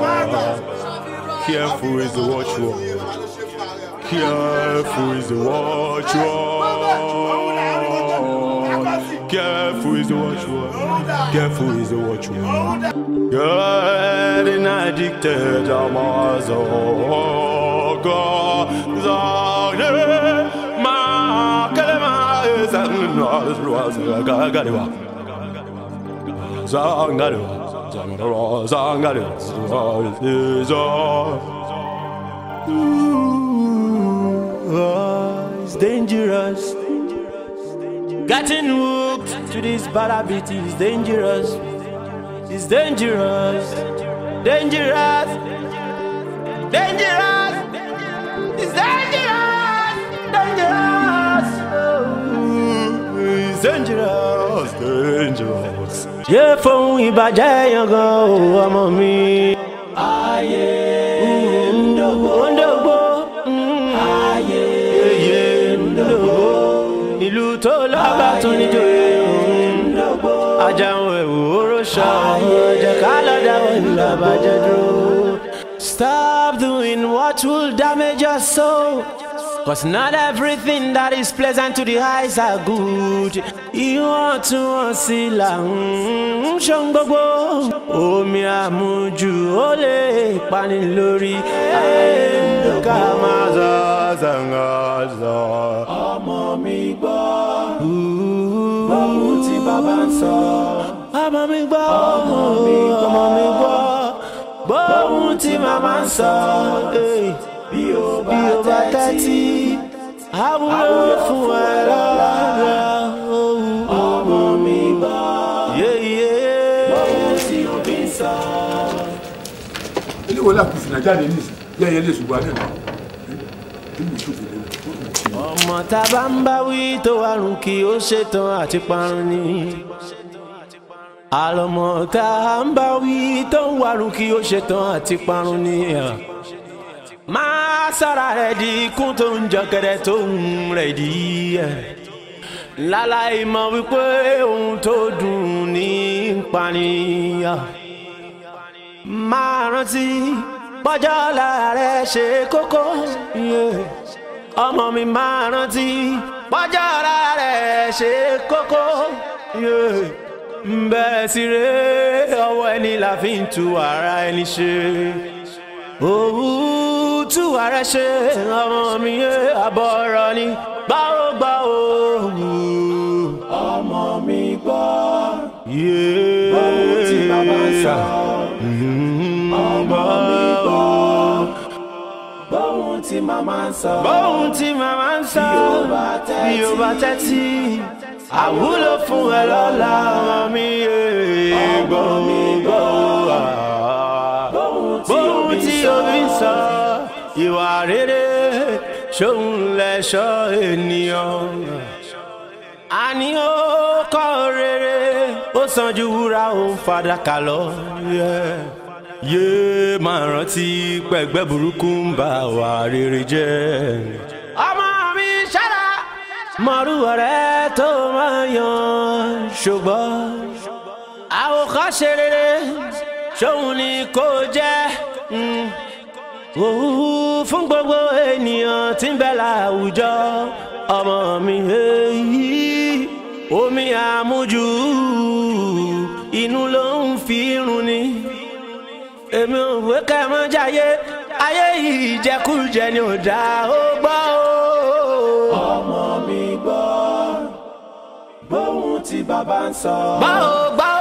Careful is the watchword. Oh. Careful is the watchword. Oh. Careful is the watchword. Careful is the watchword. Getting addicted, I'm a zorgo. Ma kalema is an noise, Zangarua, Zangarua, Zangarua, Zangarua. Ooh, it's dangerous. Getting hooked to this bad habit is dangerous. It's dangerous. Dangerous. Dangerous. It's dangerous. Dangerous. Oh, it's dangerous. Dangerous. yé fohùn ìbàjẹ́ yangan o ọmọ mi. ayé ndogbo ndogbo ayé ndogbo ìlú tó lọ́ba tó níjòyè ndogbo ajáhùn ẹ̀wò oróṣà jẹ́ ká lọ́dà wọn lọ́ba jẹ́ Stop doing what will damage your soul. Cause not everything that is pleasant to the eyes are good. Ìwọ̀ntúnwọ̀nsì là ń ṣọ́n gbogbo. Omi àmujù ó lè pani lórí. Ká máa zọ zọ̀ngàn zọ. Ọmọ mi gbọ́. Bọ́ọ̀lù tí bàbá ń sọ. Ọmọ mi gbọ́. Ọmọ mi gbọ́. Bọ́ọ̀lù tí màmá ń sọ bí ó bá tẹ́tí àwúrò fún ẹ lọ́la ọmọ mi bá bọ́ọ̀ tí o bí sọ. eléwo la kùsùn náà jáde nísìnyí yẹ́n yẹn lè ṣùgbọ́n àná ọmọ tá ń bá wí tó àrùn kì ó ṣetán àti parun ni àlọ́mọ tá a ń bá wí tó ń warùn kì í ó ṣetán àti parun ni. Sara rẹ̀ di ikú tó ń jọkẹrẹ tó ń rẹ̀ di ẹ̀ e. láláì mọ̀ wípé ohun tó dùn ní ìpànìyàn máa rántí pọ́jọ́ ọ̀la rẹ̀ ṣe kókó ọmọ mi máa rántí pọ́jọ́ ọ̀la rẹ̀ ṣe kókó bẹ́ẹ̀ sì rèé ọwọ́ ẹni la fi ń tu ara ẹni e ṣe òwú tú ààrẹ ṣe ọmọ mi yé àbọ̀rọ̀ ni báwo gbà òwú. ọmọ mi gbọ́ báwo tí bàbá ń sọ mm-hmm. ọmọ mi gbọ́ báwo tí màmá ń sọ báwo tí màmá ń sọ bí o bá tẹ́tí àwúlò fún ẹ lọ́la ọmọ mi yé ọmọ mi gbọ́. ìwà rere ṣòun lẹ̀ṣọ́ ènìyàn àní ó kọ́ rere ó sàn ju wúrà ó fàdákà lọ yé máa rántí pẹ̀gbẹ́ burúkú ń bà wà rere jẹ́. ọmọ mi ṣára mọ̀rú ọ̀rẹ́ tó máa yan ṣùgbọ́n àwòkọ́ṣe rere ṣòun ni kò jẹ́ òwú fún gbogbo ènìyàn tí ń bẹ láwùjọ ọmọ mi èyí omi àmújù inú ló ń fi irun ni èmi ò wé kẹ́ jáyé ayé yìí jẹkújẹ ni ò dá ó gbọ́ ó. ọmọ mi gbọ́ bóun tí bàbá ń sọ. gbọ́ ó gbọ́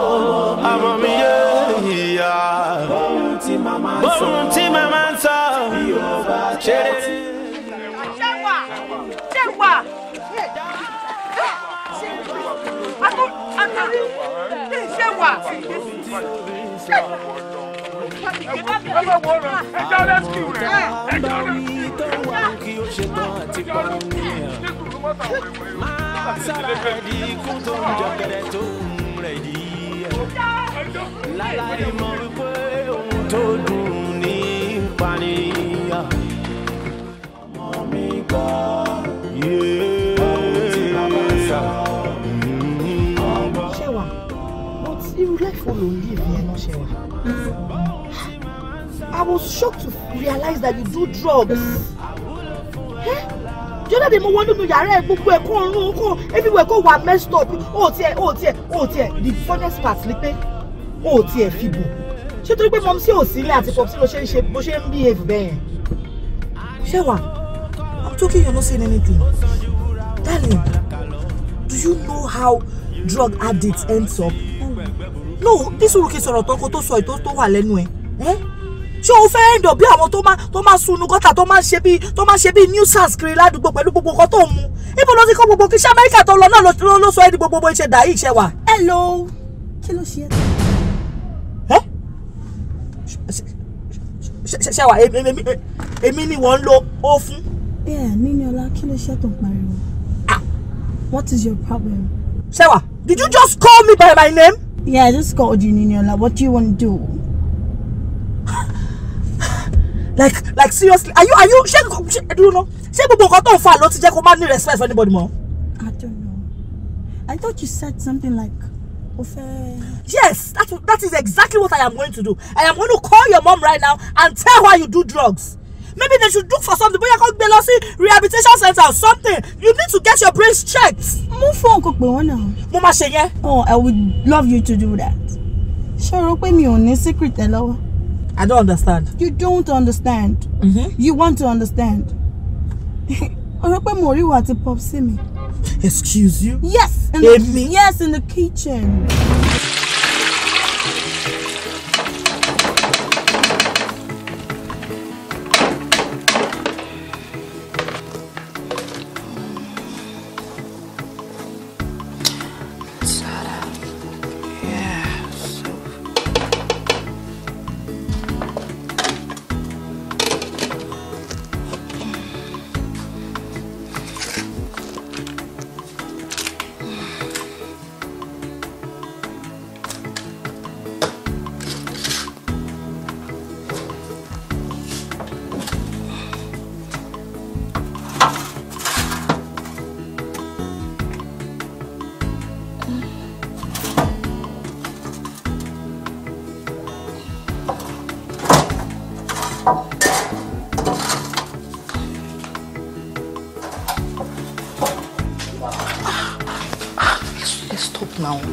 ó ọmọ mi yé ìyá. bóun bóun tí màmá ń sọ ṣeré. ṣẹ́wà ṣẹ́wà ṣẹwà but irú lẹ́fọ̀ ló ń yìí yẹn I was shocked to realize that you do drugs. Jọ́dá de mo wọ́n nínú yàrá ẹ̀ gbogbo ẹ̀kọ́ ọ̀run ọkọ̀ everywhere kò wà messed up. Oh dear, oh dear, oh dear. the funniest part ni pé o tiẹ̀ fi bò. Ṣé torí pé mọ̀mísí ò sílé àti pọ̀písí ló ṣe she ṣe bó ṣe ń bí Talking, you're not saying anything. Darling, do you know how drug addicts ends up? No, this will kí sọ̀rọ̀ tọ́kọ tó sọ ètò tó wà lẹ́nu ẹ̀. Ṣé o fẹ́ end up bí àwọn tó máa tó máa sunu gọ́tà tó máa ṣe bí tó máa ṣe bí nuisance kiri ládùúgbò pẹ̀lú gbogbo nǹkan tó ń mu? Ibo ló ti kó gbogbo kí ṣé Amẹ́ríkà tó lọ náà ló ló sọ ẹ́ di gbogbo bó ṣe dà yìí ṣe wà? Hello, kí ló ṣe ẹ́? Ṣé wà èmi ni wọ́n ń lo ó fún? Yeah, Niniola, kill ló ṣe of my room. Ah! What is your problem? Sewa, did you just call me by my name? Yeah, I just called you Niniola. What do you want to do? like, like seriously, are you, are you, ṣé, ṣé, do you know? Ṣé gbogbo nǹkan tó ń fa ló ti jẹ́ kó má respect for anybody mọ́? I don't know. I thought you said something like, Ofe. Yes, that, that is exactly what I am going to do. I am going to call your mom right now and tell her you do drugs maybe they should look for something bóyá kó gbé lọ sí rehabilitation center or something you need to get your brain checked. mú fóònù kò pè wọ́n náà. mo máa ṣe yẹn. oh i would love you to do that. ṣé o rò pé mi ò ní secret ẹ lọ́wọ́. i don't understand. you don't understand. Mm -hmm. you want to understand. (laughs) o rò pé mo rí wa ti pop sí mi. excuse you. yes in the, yes in the kitchen.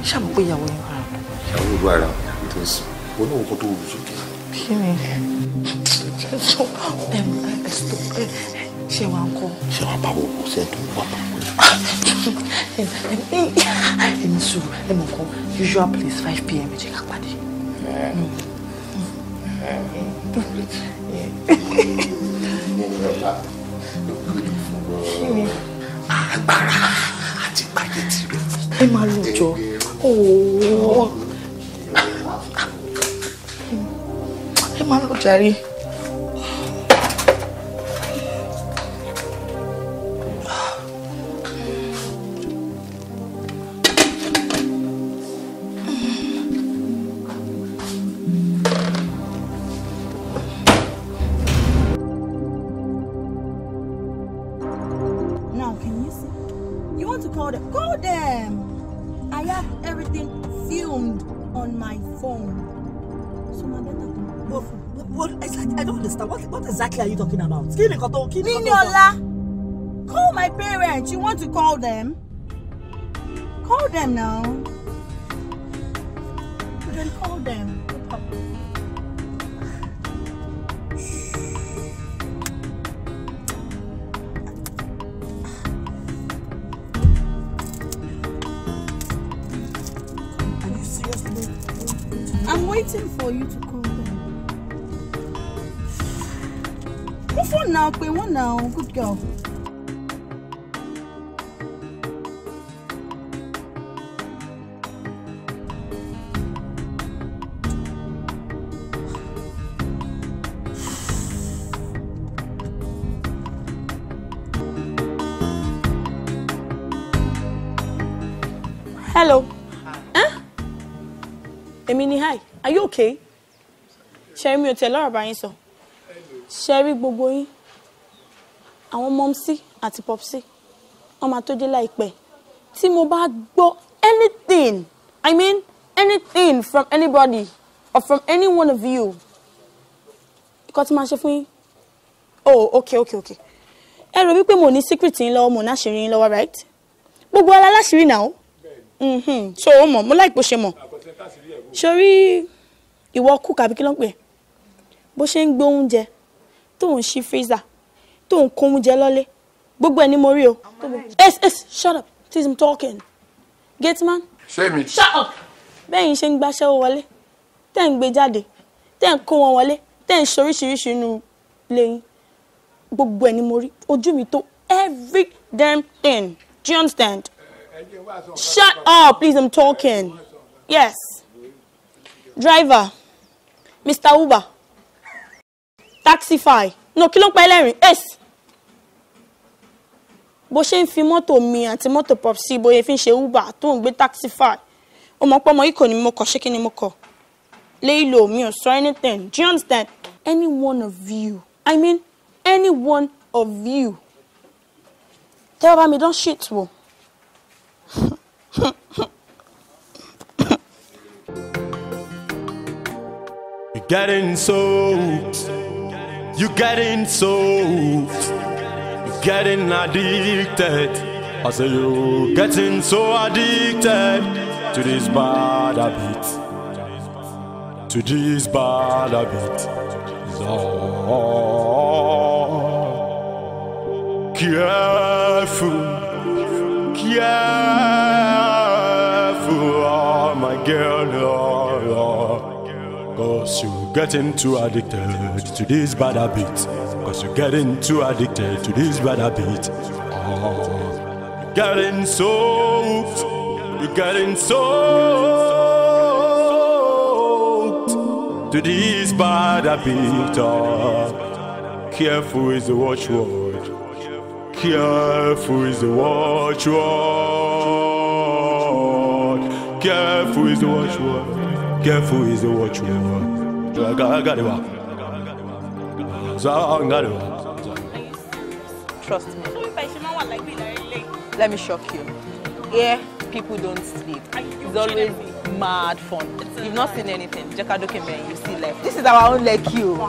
ṣàbùkù ìyàwó yẹn wà. ìyàwó ìlú ara mi tó ń sìn wọn náà kó tó wù sókè. kí ni ṣé wàá ń kọ́. ṣé wàá bá wò ó sẹ́ni tó ń wà bá wò ó. sùúrù ẹ mọ̀ kan usual place five pm jẹ́ ká pàdé. agbára àti gbàgede rẹ. ẹ máa lọ jọ. Oh. Emang aku cari nǹkan tó kí ni. Niniola call my parents you want to call them call them now. you okay? Sherry, mi ò tẹ̀ lọ́rọ̀ bá yín sọ ṣẹ́rí gbogbo yín àwọn mọ́mísí àti pọ́písí wọ́n máa tó dé láìpẹ́ tí mo bá gbọ́ anything I mean anything from anybody or from any one of you ikọ́ tí máa ṣe fún yín oh okay okay okay ẹ rò wípé mo ní secret yín lọ́wọ́ mo ní àṣírí yín lọ́wọ́ right gbogbo ara láṣìírí náà mm-hmm. so ó mọ̀ mo láì pò ṣe mọ̀ sórí ìwọ cook àbí kí ló ń pè bó ṣe ń gbé oúnjẹ tó ń ṣí freezer tó ń kó oúnjẹ lọ́lé gbogbo ẹ̀ ni mo rí o. yes yes shut up please i'm talking gate man. ṣé mi. shut up bẹ́ẹ̀ yín ṣe ń gbaṣẹ́ wọlé tẹ́ ń gbé jáde tẹ́ ń kó wọn wọlé tẹ́ ń ṣoríṣiríṣi inú lẹ́yìn gbogbo ẹ̀ ni mo rí ojú mi tó every damn thing do you understand. shut up please i'm talking yes driver mr uber taxify no kí ló ń pa ẹlẹ́rìn ace bó ṣe ń fi mọ́tò mi àti mọ́tò popsi bóyá fi ń ṣe uber tó ń gbé taxify ó mọ̀ pé ọmọ yìí kò ní mo kọ̀ ṣé kí ni mo kọ̀ léyìnlò mi ò sọ anything do you understand any one of you i mean any one of you tẹ́ ọ bá mi dán shit wò. (laughs) Getting soaked. You getting soaked. You getting addicted. I say you getting so addicted to this bad habit. To this bad habit. Oh, careful, careful, oh my girl. Oh. Cause you getting too addicted to this bad habit. Cause you getting too addicted to this bad habit. Oh, getting soaked. You getting soaked to this bad habit. Oh, careful is the watchword. Careful is the watchword. Careful is the watchword. Careful is the watch you Zagarewa. Trust me. Let me shock you. Yeah, people don't sleep. It's always mad fun. You've not seen anything. Jakado came here, you see life. This is our own like you. Oh.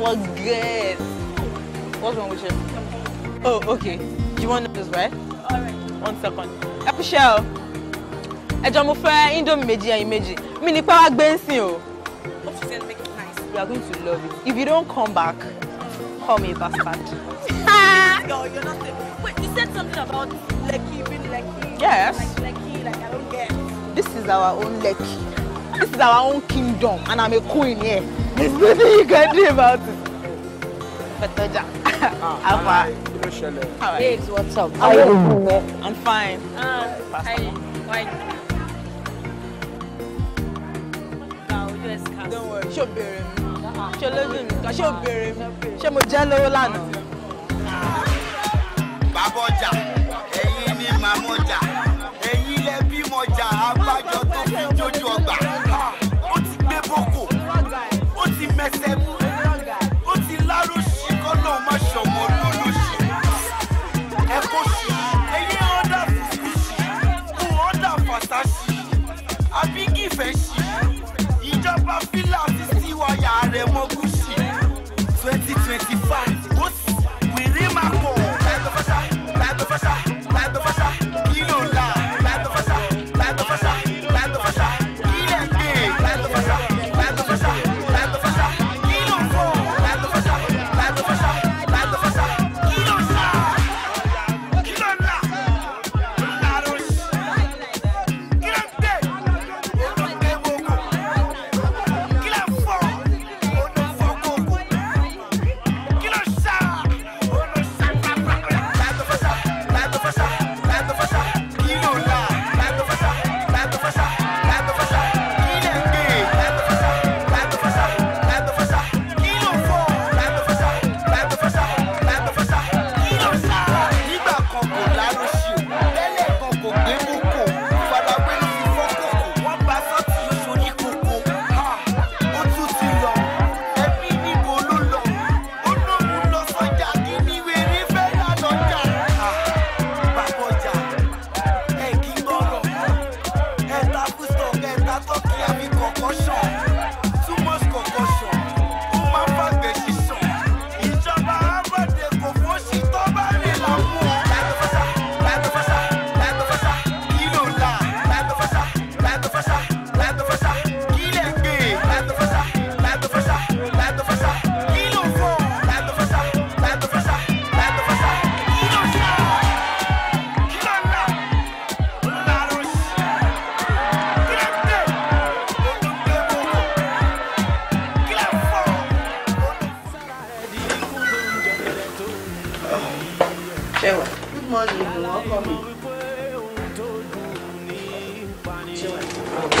What good? What's wrong with you? Oh, okay. Do You want this, right? Alright. One second. Epichelle. ẹjọ́ mo fẹ́ indomie méjì ẹyin méjì mi ní pé wá gbé ń o. you are going to love it if you don't come back call me a not Yes. This is our own Lekki. This is our own kingdom, and I'm a queen here. There's nothing you can do about it. Fetoja. Ah, (laughs) Alpha. what's up? How are you? I'm fine. Uh, hi. Why? ṣé o béèrè mi ṣé o lójú mi kan ṣé o béèrè mi ṣé mo jẹ́ lówó lánàá. bàbọ̀jà ẹ̀yin ni abájọ tó fi jójú ọgbà ó ti gbé boko ó ti mẹsẹ̀ mú. won't go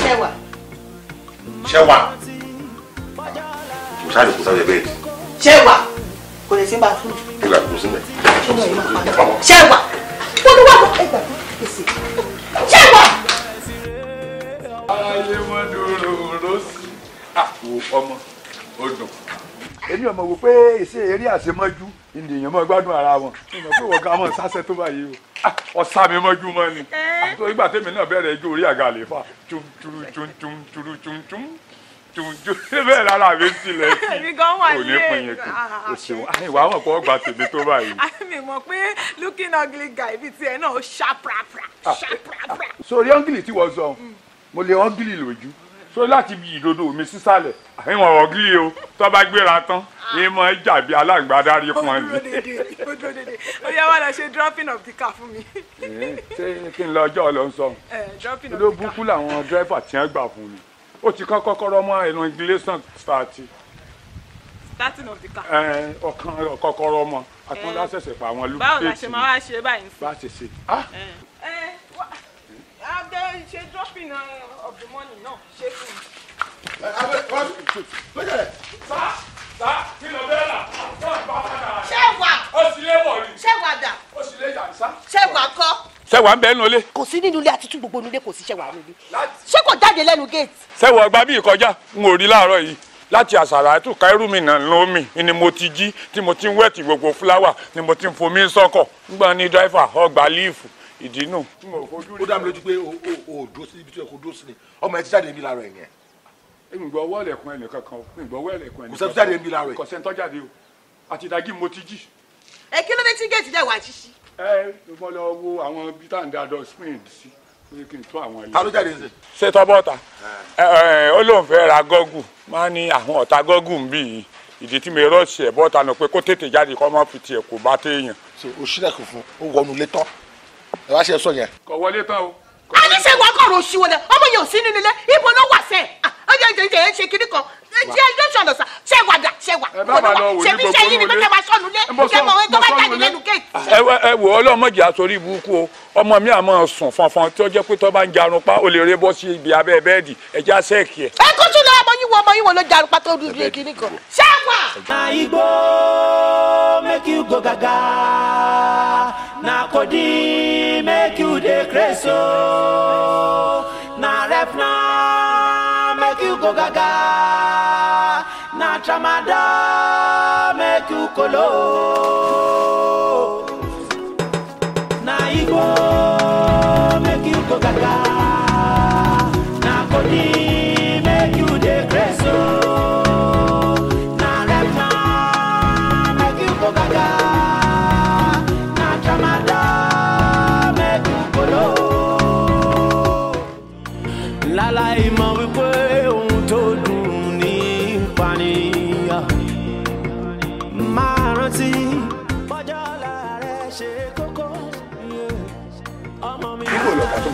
ṣẹwà. ṣẹwà kò sáré kò sáré bẹ́ẹ̀. ṣẹwà kò lè sí bá a fún mi. kí ló kù sílẹ̀. ṣẹwà wọ́n ló wà lọ ẹgbà pèsè ṣẹwà. ayé ah, wọn dòrò lọsí àpò ọmọ ó dùn èmi ọmọ wò pé èsì eré àṣemọ́jú ènìyàn mọ́ gbádùn ara wọn ìmọ̀ pé wọ́n gan mọ́ sásẹ́ tó báyìí o ọ̀sá mi mọ́jú mọ́ ni torí gbà tèmi náà bẹ̀rẹ̀ ijó orí àga lè fa tum tum tum tum tum tum tum tunjú bẹ́ẹ̀ lára mi tilẹ̀ sí kò ní pin yẹn kù òṣèwọ̀n àyìn wàá mọ̀ pé ọgbà tèmi tó báyìí. (laughs) àmì mọ̀ pé looking ugly guy bíi tiẹ̀ náà ṣàpràprà ah, ṣàpràprà. Ah, sori ọ́ngìlì tí wọ́n sọ mo lè ọ́ngìlì lójú so láti bí ìdodo mi sísàlẹ̀ ìwọ̀n ọ̀gí o tó bá gbéra tán ìmọ̀ ah. jàbí alágbá dárí fún ọ ní. ó yá wá lọ ṣe dropping of the car fún mi. ṣé kí n lọ ọjọ́ lọ sọ ló búkú làwọn dírẹ́fà tí wọ́n gbà fún mi ó ti kọ́ kọ́kọ́rọ́ mọ́ ẹnu igilésàn starti. starting of the car. ọ̀kan kọ́kọ́rọ́ mọ́ àtúndá ṣẹ̀ṣẹ̀ pa àwọn olùkú. báwo la ṣe máa wá ṣe báyìí. bá a ṣe ṣe máa dé ṣe uh, of the money náà ṣe fún mi. abẹ wọn lókè sá sá kí ló bẹ́ẹ̀ là sá bá padà. ṣẹ́wà ó sì lé wọ̀ rí. ṣẹ́wà dà. ó sì lé yàrá sá. ṣẹ́wà kọ́. ṣẹ́wà ń bẹ nínú ilé. kò sí nínú ilé àti tún gbogbo nínú ilé kò sí ṣẹ́wà nínú ilé. ṣé kò jáde lẹ́nu gate. ṣẹ́wà ọgbà bí ìkọjá n ò rí láàárọ̀ yìí láti àṣàrà ètò káírù mi náà ló mi ni mo ti jí tí mo ti ń wẹ̀tì gbogbo fúláwà ni mo ti ń fomi sọ́kọ̀ nígbà ní dráìfà ọgbà líìfù ìdí nù. ó dá mi lójú pé o dúró sí ibi tí o kò dúró sí ni ọmọ ẹ ti jáde níbi láàárọ̀ ẹ̀yìn ẹ̀. èmi gbọ́ ọwọ́ ẹ̀lẹ̀kùn ẹnì o èmi gbọ́ ọwọ́ ẹ̀lẹ̀kùn ẹnì o kò sẹ́ni jáde níbi láàárọ̀ ẹ̀. kò sẹ́ni tó jáde o àti ìdájí mo ti jí. ẹ kí ló dé tí géètì dẹ̀ wá ṣíṣí. ẹ mo lọ wo àwọn bitanda dustbin sí pé kí n tó àwọn ilé. ta ló jáde ṣe. ṣé tọ́bọ̀ta ó lóun fẹ́ ra gọ́gù máa ní àwọn ọ̀tá gọ́gù ń bì yìí ìdí tí mi rọ́ọ̀ṣì ẹ̀ bọ́ta nù pé kó tètè jáde kó má fi tiẹ̀ kó bá téèyàn. o ṣílẹ̀kùn fún ó wọnú létọ́ ẹ wá ṣe sọ yẹn. kò wọlé tán o. àníṣe wà kọ̀rọ̀ oṣù wọlé ọmọ yẹn ò sí nínú ilé ibo ló wà sẹ́ẹ̀ ọjọ́ ìjẹ́ ìjẹ́ ń kiri kan ṣe ẹjọ́ ṣọ̀nà sà ṣe wà dà ṣe wà ṣèbí ṣe yí ni pé kẹwàá sọ̀nù lé kẹwàá wẹ́ gbọ́dọ̀ jáde lẹ́nu géètì. ẹ wò ọlọ́mọdé àsorí ibùkún o ọmọ mi àmọ́ sùn fanfan tí ó jẹ́ pé tó bá ń jarun pa ó lè ré bọ́ sí ibi abẹ́ bẹ́ẹ̀dì ẹja sẹ́ẹ̀kì ẹ̀. ẹ kó tún lọ ọmọ yín wo ọmọ yín wo ló jarun pa tó dúdú yé kíní kan ṣé wà. àìgbó make you go gaga na kò dín make you dey crazy oh na rep na make you go gaga na chamada. make you colo, na ego. make you go gaga na kodi.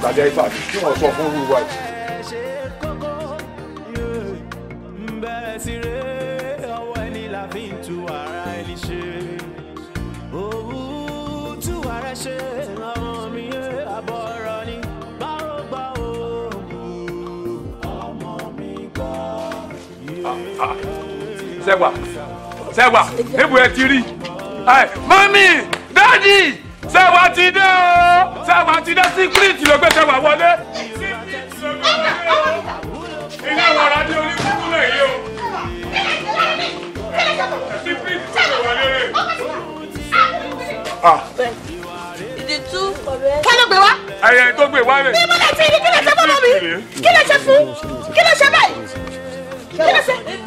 ìpàdé ifá tí wọ́n sọ fún olúwa yìí. sẹ́wà sẹ́wà ebu ẹ ti rí mami dadi sẹ́wà ti dé o sẹ́wà ti dé síkírìtì ló gbé sẹ́wà wọlé síkírìtì ló gbé wọlé o ilé wọ̀rọ̀ ní orí kúkú náà yé o síkírìtì ló wọlé rẹ̀. Ah. ìdìtú kí ló gbé wá. ẹyẹ tó gbé wá rẹ. bí mo lè ti rí kí lè ṣe fọlọ́ mi kí lè ṣe fún kí lè ṣe báyìí kí lè ṣe.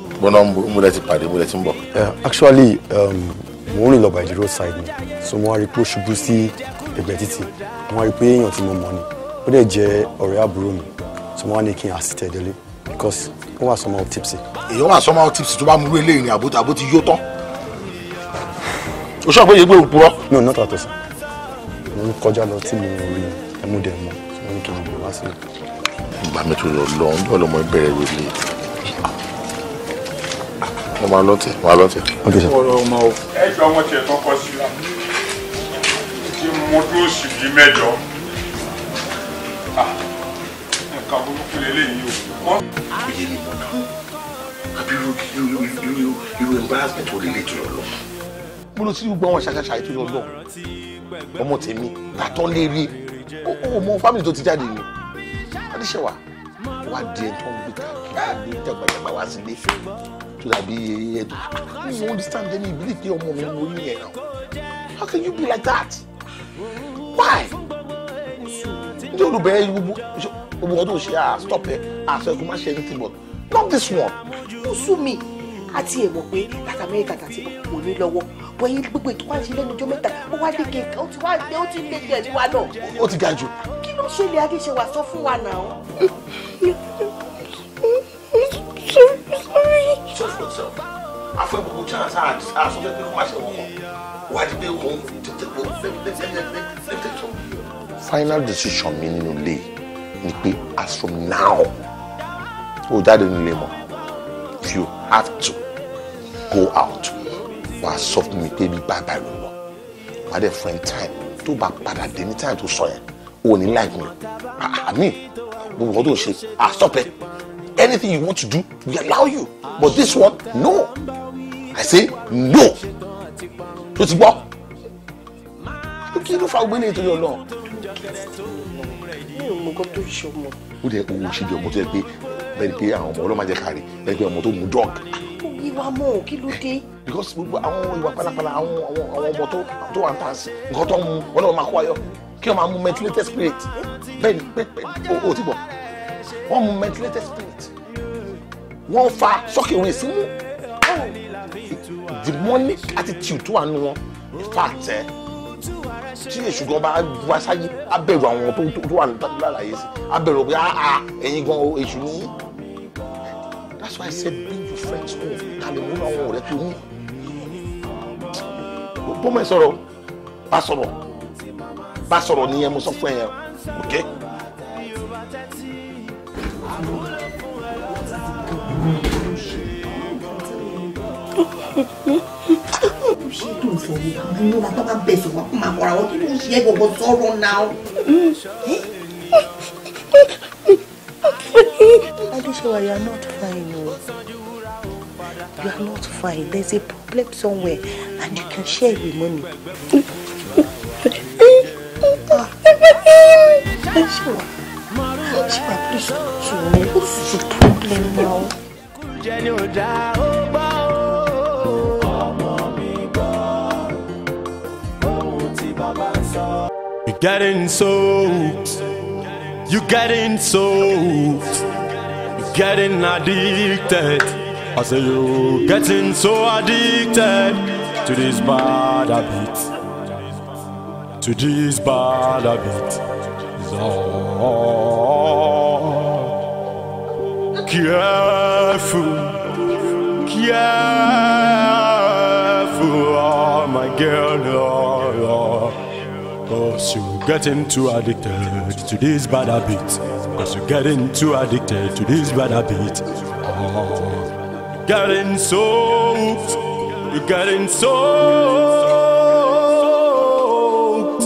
gbọ́dọ̀ ń múlẹ̀ ti pàdé múlẹ̀ ti ń bọ̀. Eh, actually um, mo ń rìn lọ by the road side ni so mo wá rí i pé ó ṣubú sí ẹgbẹ́ títì mo wá rí i pé èèyàn tí mo mọ̀ ni ó dẹ̀ jẹ́ ọ̀rẹ́ àbúrò mi so mo wá ní kí n àsìtẹ̀ délé because ó wà somehow tipsy. èèyàn wà somehow tipsy tó bá mú ilé ìrìn àbótí àbótí yó tán o ṣọ́ pé yẹ gbé òpùrọ́. no not at all sir mo ń kọjá lọ tí mo rí ẹmúdẹ̀ mọ́ mo ń kí n gbé wá sílẹ̀. ìgbà mi tó lọ lọ ọjọ́ lọmọ ìbẹ̀rẹ̀ wẹ̀lẹ̀ mo máa lọ tẹ máa lọ tẹ. ọ̀rọ̀ ọmọ o. ẹ jọ kọ sí wa tí mo dúró sí bíi mẹ́jọ nǹkan ah, burúkú lélẹ́yìí o. èyí ni mo náà àbí irú embarrassment wo lélẹ́yìí tó lọ lọ. mo lọ sí gbogbo àwọn ṣàṣàṣà ètò ìyọ̀ lọ ọmọ tèmi àtọ́ lé o mọ fámìlì tó ti jáde ni adéṣẹ́wà wà á di ẹ̀ tó ń gbé káàkiri ní ìjàgbàjàgbà wá sílé doctor àbí ẹdùn mi you understand ẹni ìbílẹ̀ pé ọmọ mi mo yín yẹn how can you be like that why ndé olùbẹ̀rẹ̀ gbogbo gbogbo ọdún ṣe à ah, stop ẹ àṣọ ah, ẹkùn má ṣe anything but not this one. Who sún me? àti èèmọ̀ pé láti amẹ́ríkà tàbí kò ní lọ́wọ́ bọ́ yín gbogbo ètò wá ṣe lẹ́nu ọjọ́ mẹ́ta ó wá dé kéka ó ti wá dé ó ti lé jẹ̀ ní wa náà. ó ti ga jù. kí ló ṣe lè adéṣe wà sọ fún wa náà. (laughs) choice for yourself afọ ìgbogbo chance a sọ fẹ́ pé kó má ṣe wọ́n wá di pé òun tètè kó lẹ́tẹ̀tẹ̀ tó. final decision Meaning nínú ilé ni pé as from now o jáde nílé mọ́ if you have to go out wàá sọ fún mi pé bí bye bye ló lọ wàá dẹ̀ fún time tó bá padà dé ní time tó sọ yẹn o ò ní like mi àmì gbogbo nǹkan tó ṣe àsọpẹ́ anything you want to do, we allow you. But this one, no. I say no. Tó ti gbọ́. Kí ló fa ògbéni ètò yọ̀ náà? Mi ò mọ̀ nǹkan tó ṣe ọmọ. Ó jẹ́ owó ṣíbi ọmọ tó yẹ pé bẹ́ẹ̀ ni pé àwọn ọmọ ọlọ́mọ jẹ́ kárí bẹ́ẹ̀ pé ọmọ tó mú drug. Ìwà mọ̀ kí ló dé? Because gbogbo àwọn ìwà pálapàla àwọn àwọn ọmọ tó wà ń tàǹsì nǹkan tó ń mu wọn náà máa kó ayọ̀ kí wọ́n máa mú methylated spirit bẹ́ẹ̀ ni bẹ́ẹ̀ o ò tí wọ́n mu methylated spirit wọ́n fa sọ́ọ̀kì òun ìsinmi demonic attitude tó wà nù wọn in fact ẹ eh, tí èṣù gan bá wá sáyé abẹ̀rù àwọn tó wà lálàyé sí abẹ̀rù pé àà ah, ah, ẹ̀yin gan èṣù ni that's why I said bring your friends home tàbí mú àwọn ọ̀rẹ́ tó ní bọ́mọ̀ ẹ̀ sọ̀rọ̀ bá sọ̀rọ̀ bá sọ̀rọ̀ nìyẹn mo sọ fún ẹ̀ yẹn ok. ṣé tó ń sọ yìí àwọn ọmọ bàbá bá bẹ̀ sọ̀rọ̀ kó máa mọ̀ra wọn kí ló ń ṣe é gbogbo sọ̀rọ̀ náà. Adéṣèwà, you are not fine oh. You are not fine. There's a problem somewhere and you can share with mommy. Getting soaked. You getting soaked. You getting addicted. I say you getting so addicted to this bad habit. To this bad habit. So careful, careful, oh my girl, oh, oh, oh, getting too addicted to this bad habit. Cause you're getting too addicted to this bad habit. Oh, you're getting soaked. You're getting soaked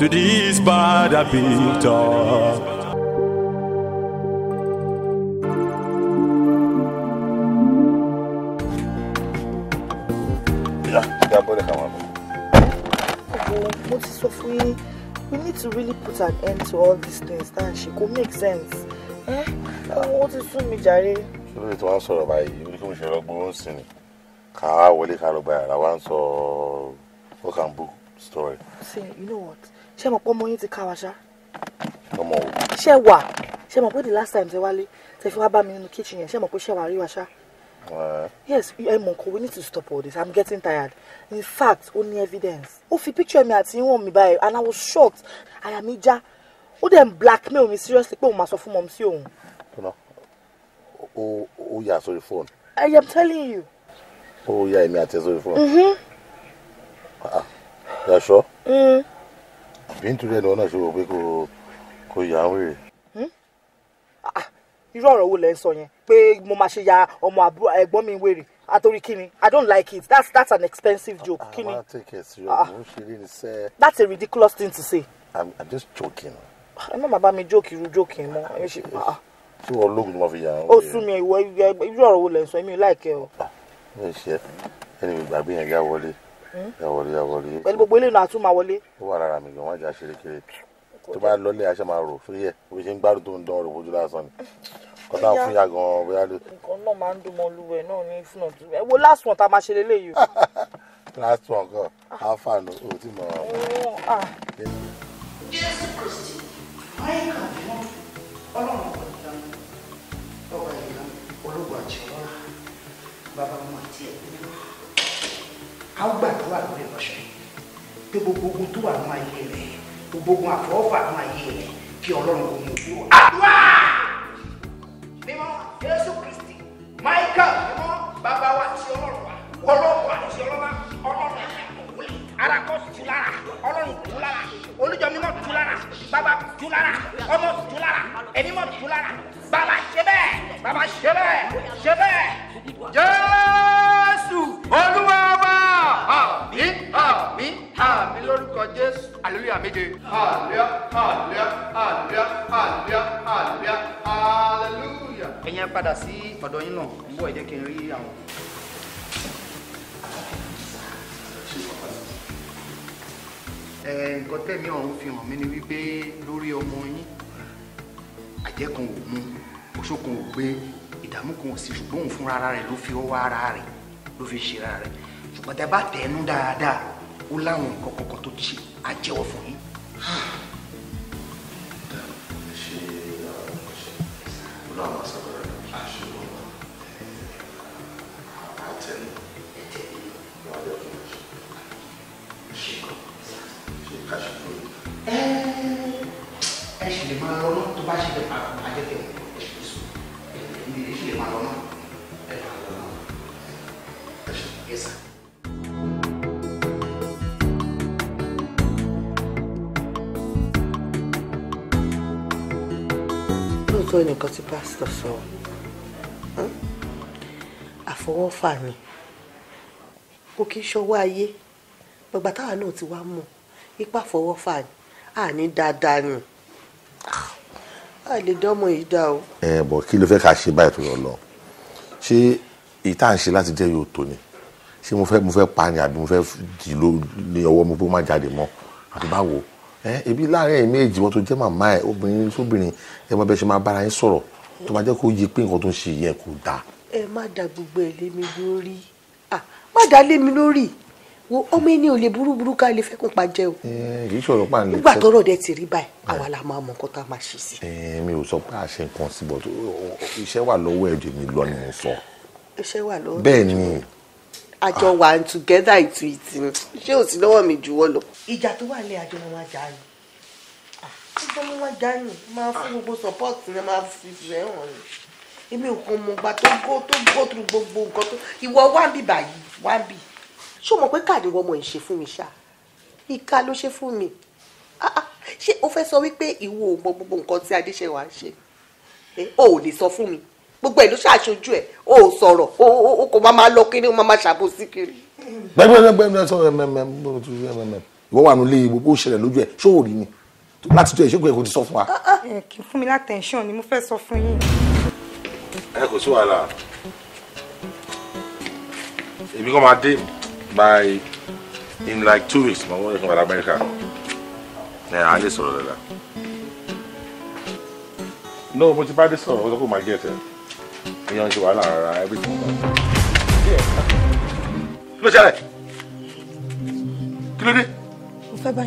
to this bad habit. Oh. put an end to all these things that she could make sense ẹ eh? ó ti sún mi jàre. kí ló dé tí wọ́n ń sọ̀rọ̀ báyìí oníkó ìṣòro ọgbọ́n ń sìn ni ká wọlé ká lọ gba yàrá wa ń sọ work and book story. ṣe you know what ṣé mo pọ́ mọ yín ti ká wa ṣá. ọmọ wo. ṣé wà ṣé mo pé the last time ṣe wálé tẹ fi wá bá mi nínú kitchen yẹn ṣé mo pé ṣé wà rí wa ṣá. What? Yes, Monko, we need to stop all this. I'm getting tired. In fact, only ní evidence. Ó fi picture mi you ìwọ̀n mi báyìí and I was shocked. I mi já. Ó dẹ̀ blackmail me seriously pé òun máa sọ fún mọ̀mí Oh, òun. Tọ́lá, ó phone. I am telling you. Oh, yeah. Ó yà èmi àti ẹ sórí fóònù. Yà sọ. Been to ẹ̀ lọ́wọ́ náà ṣe wò pé kò kò yà á wèrè. Hmm? Ah, ah irú ọ̀rọ̀ wo lẹ ń sọ yẹn pé mo máa ṣe ya ọmọ àbúrò ẹ̀gbọ́n mi wèrè àtòrí kíni i don't like it that's that's an expensive joke kíni. àwọn àtẹkẹ sí ọmọ that's a ridiculous thing to say. i'm i'm just joking. Ah, ẹ má bàbá mi jókè irú jókè mọ́ ah, ẹ ṣe pa. tí wọn lóògùn ni wọn fi yà á. ó sún mi ìwọ irú ọ̀rọ̀ wo lẹ ń sọ èmi ò láìkẹ́ o. ẹ ah, ṣe ẹni mi gbàgbé yẹn yá wọlé hmm? yá wọlé yá wọlé. pẹ̀lú gbogbo eléyìí náà a tún máa wọlé. ó wà lára mi gan wọn jà ṣeré kéré tó bá lọlé aṣọ máa rò fún yẹ bí ṣe ń gbádùn tó ń dán rò fojú lásán ni kọ́ táwọn fún yà gan-an bóyá ló. nǹkan náà máa ń dùn mọ́ olúwẹ̀ náà ní fúnà tó ẹ wo last one tá a máa ṣe lélẹ́yìí o. (laughs) last one kan alpha no o ti mọ̀ ọ́. Oh, ah. Jésù Kristi máa ń kàwé náà ọlọ́run dáná ọba ìlànà ológun àti ọlọ́ra bàbá ọmọ àti ẹ̀gbọ́n náà a gbàdúrà lórí ìrọ̀ṣẹ́ pé gbogbo tó wà ní ayé rẹ̀ gbogbo ogun àfọwọ́fà máa yé rẹ̀ kí ọlọ́run kò mú un àdúrà. kíní ọ̀hún fi hàn mí ni wípé lórí ọmọ yín àjẹkùn ò mú oṣokùn ò gbé ìdààmú kan ò sí ṣùgbọ́n òun fúnra rẹ̀ ló fi ọwọ́ ara rẹ̀ ló fi ṣe ara rẹ̀ ṣùgbọ́n tẹ bá tẹnu dáadáa ó láwọn nǹkan kọ̀ọ̀kan tó ṣe àjẹwọ́ fún yín. Thank you ẹ ṣì lè máa lọ náà tó bá ṣe lè máa máa jẹ́ kẹ́ ẹ ṣì lè sùn ẹ ṣì lè nìkan tí pásítọ̀ sọ àfọwọ́fà ni kò kí ń ṣọwọ́ ayé gbọ̀gbà táwa náà ti wá mọ̀ ipá àfọwọ́fà ni àní dáadáa ni a lè dánmọ yìí dá o. ẹ bọ kí ló fẹ́ ká ṣe báyìí tó yọ lọ ṣé èyí tá à ń ṣe láti jẹ́ yóò tó ni ṣé mo fẹ́ mo fẹ́ pa ni àbí mo fẹ́ dì ló ní ọwọ́ mo bó má jáde mọ́ àbí báwo ẹ ebi láàrin ẹ̀yìn méjì wọn tó jẹ́ màmá ẹ obìnrin sóbìnrin ẹ mọ bẹ́ẹ̀ ṣe máa bára yín sọ̀rọ̀ tó máa jẹ́ kó yí pé nǹkan tó ń ṣe yẹn kò dáa. ẹ má da gbogbo ẹ lé mi lórí má da lé mi lórí wo ọmọ ẹni ò lè burúburú ká lè fẹ́kùn pa jẹ́ o. kì í ṣòro pa ní. nígbà tọrọ dẹ ti rí báyìí àwa la máa mọ nǹkan tá a máa ṣe sí. mi ò sọ pé a ṣe nǹkan sí bọ̀ iṣẹ́ wà lọ́wọ́ ẹ̀jẹ̀ mi lọ ni mo sọ. iṣẹ́ wà lọ́wọ́ bẹ́ẹ̀ ni. àjọ wà ń together ìtù ìtì ni ṣé ò sí lọ́wọ́ mi jù wọ́n lọ. ìjà tó wà lé àjọ wọn máa jà ní. àjọ wọn máa jà ní máa fún gbogbo support ṣé o mọ̀ pé káàdì wọ́n mọ̀ ẹ̀ ṣe fún mi ṣá ìka ló ṣe fún mi ah, ah. ṣé o fẹ́ sọ wípé ìwọ ò mọ gbogbo nǹkan tí adéṣẹ́wà ń ṣe o ò lè sọ fún mi gbogbo ẹ̀ ló ṣàṣojú ẹ̀ o ò sọ̀rọ̀ o kò máa máa lọ kiri o máa máa ṣàbòsí kiri. gbẹgbẹgbẹgbẹ sọ mẹmẹmẹ ìwọ wà nílé gbogbo ìṣẹ̀lẹ̀ lójú ẹ ṣó o rí ni láti tó ẹ ṣé kò yẹ kó ti sọ fún wa. Ah, ẹ kì í fún mi látẹ̀ǹṣọ̀n ni mo fẹ́ sọ fún yín. ẹ kò sí wàhálà èmi kò máa dé mi by in like two weeks My wife wọ́n ìfúnpadà Amẹ́ríkà ẹ̀ á lè sọ̀rọ̀ that. no mo ti bá dé sọ̀rọ̀ ọ̀sán kò máa gé ẹ̀tẹ̀ ìyẹn ti wàhálà rárá everything. kí ló ṣẹlẹ̀ kí ló dé. mo fẹ́ bá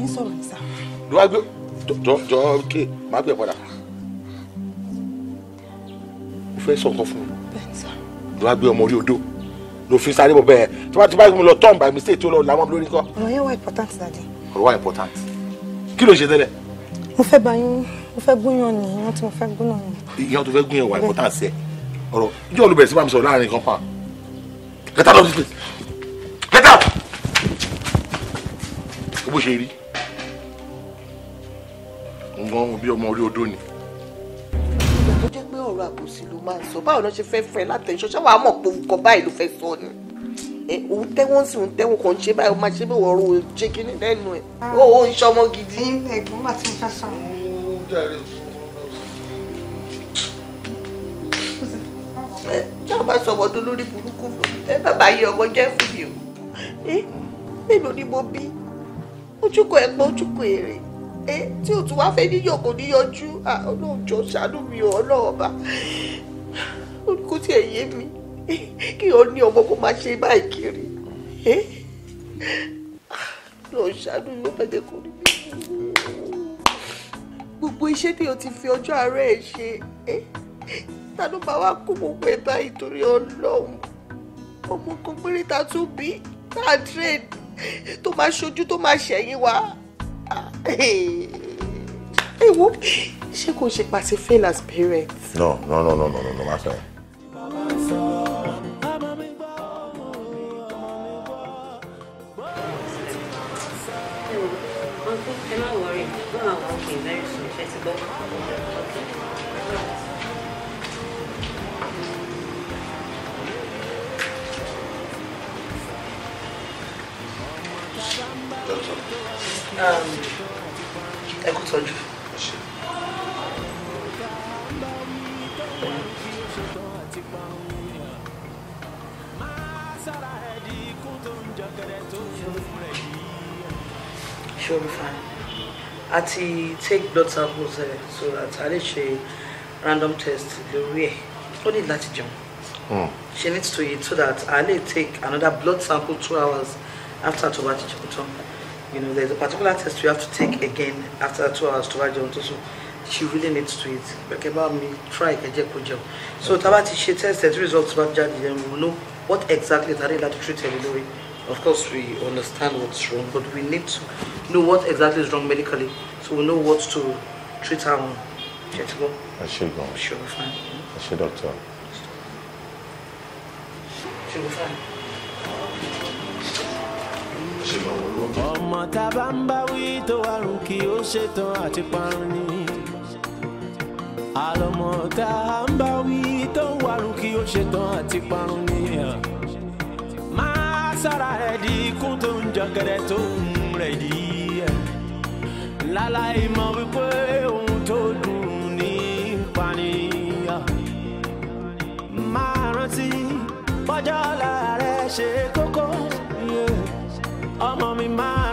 Do I go? Do, ló wá Okay. jọ jọ ké máa gbé padà. mo fẹ́ sọ nǹkan fún un. bẹ́ẹ̀ ni sá. ló wá gbé ọmọ orí odó ló fi sáré bọ̀ bẹ́ẹ̀ tí wọ́n ti bá mi lọ turn by mistake tí ó lọ làwọn lórí kọ́. ọ̀rọ̀ yẹn wá important dadi. ọ̀rọ̀ wá important kí ló ṣe tẹ́lẹ̀. mo fẹ́ bá yín mo fẹ́ gúnyàn ní ìyàn tí mo fẹ́ gúnyàn ní. ìyàn tó fẹ́ gúnyàn wà important sẹ́ ọ̀rọ̀ ìjọ olùbẹ̀rẹ̀ sí bá mi sọ̀rọ̀ láàrin kan pa get out of this place get out. bó ṣe rí nǹkan bí ọmọ orí odó ni ọ̀rọ̀ àbòsí ló máa ń sọ báwo ló ṣe fẹ́ fẹ́ látẹ̀ṣọ́ ṣé wàá mọ̀ pé orúkọ báyìí ló fẹ́ sọ ni òun tẹ́wọ́n sí òun tẹ́wọ́n kàn ṣe báyìí ó máa ṣe bí wọ́n rún ṣe kínní lẹ́nu ẹ̀ ó ó ń ṣọmọ gidi. ẹ̀gbọ́n bá ti a bá sọ ọmọdún lórí burúkú fún mi ẹ bàbá yẹ ọmọ jẹ́ fún mi o mélòó ni mo bí ojúkọ ẹ̀pọ̀ ojúkọ èrè ẹ tí ò tún wá fẹ́ níyọ̀ kò níyọjú ọlọ́run jọ ṣàánú mi ò ọlọ́run bá kó tiẹ̀ yé mi kí o ní ọmọ kó máa ṣe báyìí kiri lọ ṣàánú yóò fẹ́ jẹ́ kó rí mi. gbogbo iṣẹ́ tí o ti fi ọjọ́ àárẹ̀ ẹ̀ ṣe ta ló máa wá kó gbogbo ẹ̀ báyìí torí ọlọ́run ọmọ kan péré ta tún bí tá a dred tó máa ṣojú tó máa ṣẹ̀yìn wa. Hey, ewo ṣé kò ṣe pàṣẹ fail as parents. no no no no no no no, sọ okay very soon. Let's Okay. ẹ kú tọ́jú. sure be fine Ati take blood samples ẹ eh, so that Ali she random test the ẹ Only that jump. she needs to eat so that Ali take another blood sample two hours after to watch ti jẹun You know, there's a particular test you have to take again after two hours to write your so she really needs to eat. Okay, about me, try Keje Kojo. So Tabati she test results about judge? then we will know what exactly that is that to treat her Of course, we understand what's wrong, but we need to know what exactly is wrong medically so we know what to treat her on. Should go? I should go. She'll be fine. I should, doctor. She'll be fine. ọmọ tá a bá ń bá wí tó wá rùn kí ó ṣetán àti parun ni àlọ́mọ tá a ń bá wí tó wá rùn kí ó ṣetán àti parun ni máa sára rẹ̀ di ikú tó ń jọ gẹ̀dẹ̀ tó ń rẹ̀ dí láláì mọ̀ wípé ohun tó dùn ní ìpànìyàn máa rántí bọ́jọ́ ọ̀la rẹ̀ ṣe kọ́. I'm on my mind.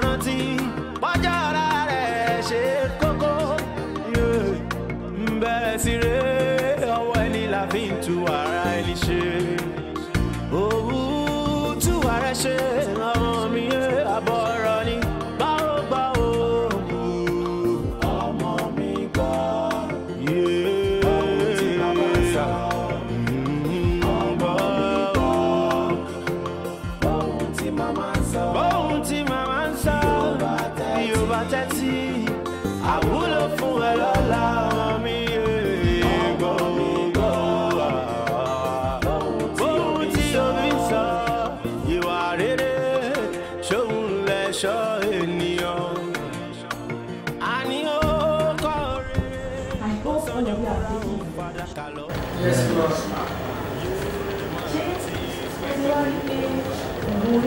lóòrè lọ́dọ̀ àwọn ọ̀dọ́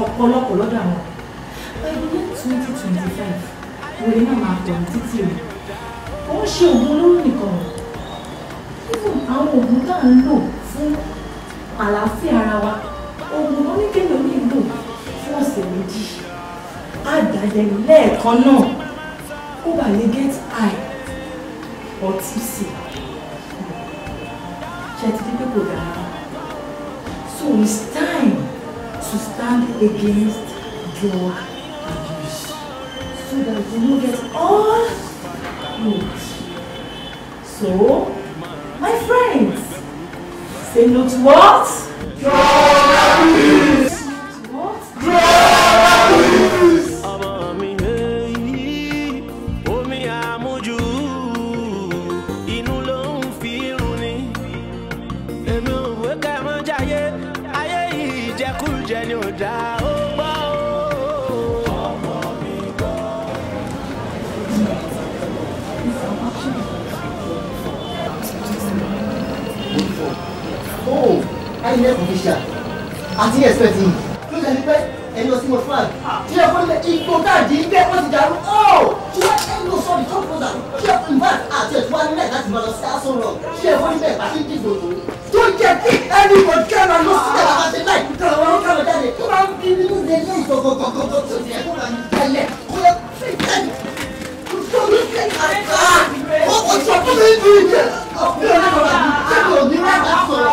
ọ̀pọ̀lọpọ̀ lọ́dọ̀ àwọn by the twenty twenty five wèrè náà máa tọ̀ títì rẹ̀ ó ń ṣe oògùn olóró nìkan fífún àwọn oògùn tá à ń lò fún àlàáfíà ara wa oògùn oníkèlè onígbò fún ọ̀sẹ̀ méjì àdàlẹ́nu lẹ́ẹ̀kan náà ó bà lè get high or tipsy ṣe ti di pé kò dára so it's time to stand against drug. so that you will get all good. So, my friends, say no to what? What? yín lẹ́kùn fi ṣà àti ẹ̀sìpẹ̀tì yìí ló jẹ́ pípẹ́ ẹni ọtí mo flag tí ẹ fọ́n ipò káàdì ń bẹ́ẹ̀ wọ́n ti dàrú ọ́ tí wọ́n ẹ ló sọ ìtọ́ fúnra tí ẹ fún bá àti ẹ̀ tí wọ́n á nílẹ̀ láti máa lọ sí aṣọ rọ̀ tí ẹ fọ́n bẹ́ẹ̀ pàṣẹ dìbò tó tó jẹ́ kí ẹni mo kẹ́ra ló sílẹ̀ bàbá ṣe láì kúkẹ́ra wọn ó kẹ́ra jáde tó máa ń bí nínú ilé ilé ìgbọ̀gbọ̀gbọ̀gbọ̀ tó ti ẹ̀ kó máa ń tẹ̀lé kó lọ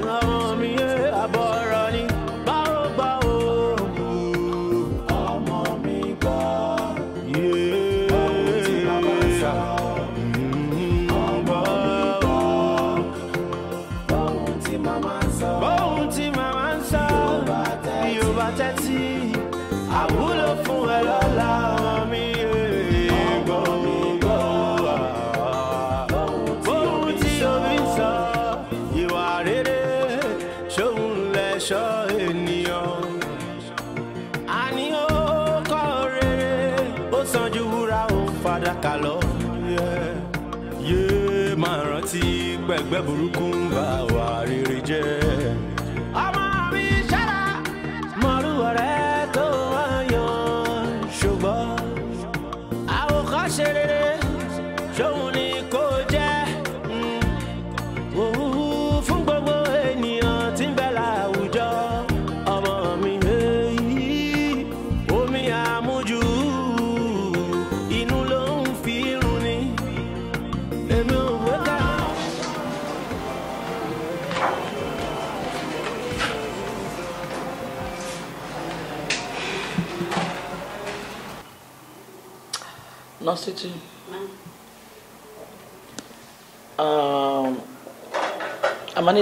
ìgbẹ́ burúkú ń bá wa rere jẹ́.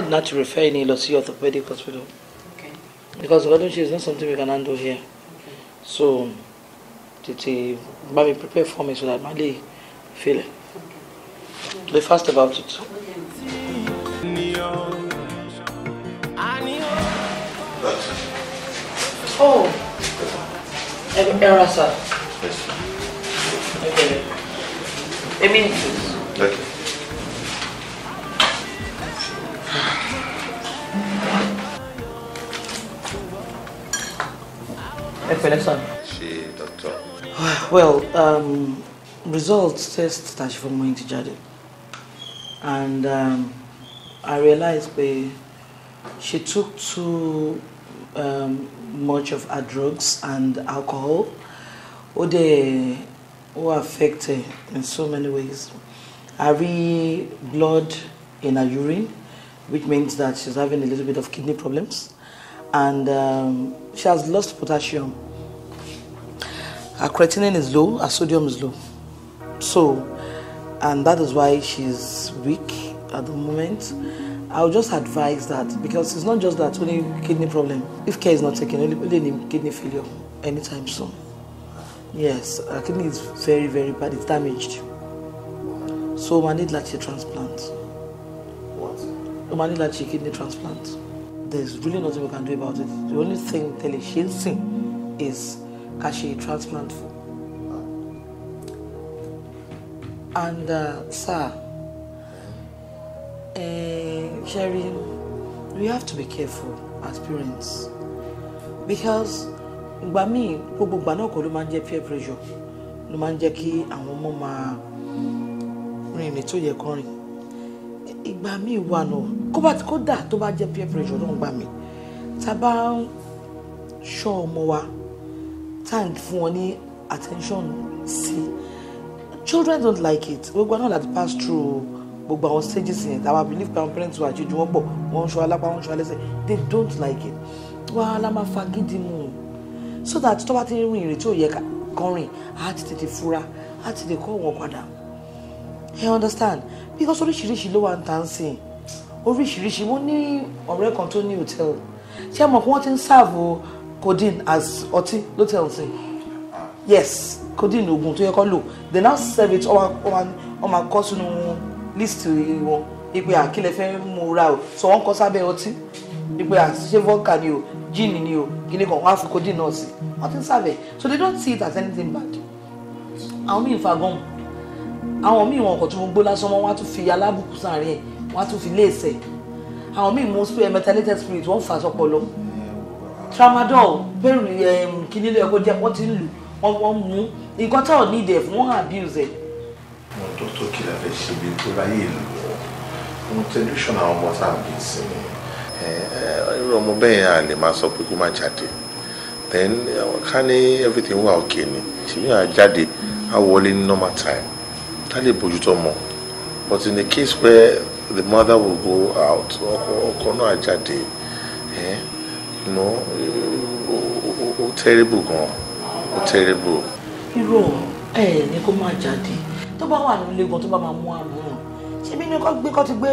need not to refer any to orthopedic hospital. Okay. Because orthodontia is not something we can handle here. Okay. So, tètè bá mi prepare for me so that má lè fail. Be fast about it. Oh, error, sir. Yes. Okay. A minute, Okay. ẹ pẹ̀lẹ́ sàn. well um, results test ta ṣe going to judge it, and um, I realized pé she took too um, much of her drugs and alcohol All they ó affected in so many ways I read blood in her urine which means that she's having a little bit of kidney problems and um, she has lost potassium. Her creatinine is low, her sodium is low. So, and that is why she's weak at the moment. I would just advise that because it's not just that only kidney problem. If care is not taken, only, only kidney failure anytime soon. Yes, her kidney is very, very bad. It's damaged. So, I need like a transplant. What? We need like a kidney transplant. there's really nothing we can do about it. The only thing tẹ́lẹ̀ she'll ń is ká ṣe transplant fún. and uh, sir uh, Sherry we have to be careful as parents because by me, gbogbo ìgbà náà kọ́ ló máa ń jẹ́ peer pressure ló máa ń jẹ́ kí àwọn ọmọ máa rìn ìrìn tó yẹ kán rìn ìgbà kó bá ti kó dà tó bá jẹ́ peer pressure náà gbà mí tá a bá ń ṣọ́ ọmọ wa tá à ń fún wọn ní attention sí children don't like it gbogbo àwọn láti pass through gbogbo àwọn stages yẹn tàwa believe pé àwọn parents wà àjèjì wọn bọ̀ wọ́n ń ṣọ́ alápá wọ́n ń ṣọ́ they don't like it wàá la máa fagídí mu so that tó bá ti rìn ìrìn tí ò yẹ kan rìn á ti tètè fura á ti tètè kọ́ wọn padà you understand because oríṣiríṣi ló wà ń tà ń sìn oríṣiríṣi mo ní ọ̀rẹ́ kan tó ní hòtẹ́ẹ̀lì ṣé ẹ mọ̀ pé wọ́n ti ń sáàbò codeine as ọtí ló tẹ̀ ọ́n yes codeine oògùn tó yẹ kó lò they now serve it wọ́n máa kọ́ sínú list wọn ipe àkílẹ̀ fẹ́ mú ra o sọ wọ́n kọ́ sábẹ́ ọtí ipe àṣìṣe vodka ni o gin ni o kíni kan wọ́n á fi codeine náà sí wọ́n ti ń sáàbẹ̀ so they don't see it as anything bad àwọn míì fa gan àwọn míì wọn kò tún gbó lásán wọn wá tún fi alábùkù sáàrin ẹ̀ wọ́n á tún fi léèsẹ̀ àwọn míì mú spirit methylated spirit wọ́n fà sọpọ̀ lọ tramadol pẹ̀lú kíní lóye kó jẹ́ wọ́n ti ń lù wọ́n wọ́n mú nǹkan tó ní ìdẹ̀ fún wọn abuse ẹ̀. wọn tó tó kí la fẹ́ ṣe bí tó ráyè lò ó ń tẹlifíṣàn àwọn ọmọ tá à bí sinmi irú ọmọ bẹ́ẹ̀ a lè máa sọ pé kó má jáde then ká ní everything wà òkè ni ṣèlú à jáde á wọlé ní normal time tá lè bójútó mọ́ but in the case where the mother will go out ọkọ náà jáde no ó terrible gan ó terrible. irọ́ ẹ ní kó máa jáde tó bá wà nílé gan tó bá máa mú àrùn ṣebí ni kò gbé kò ti gbé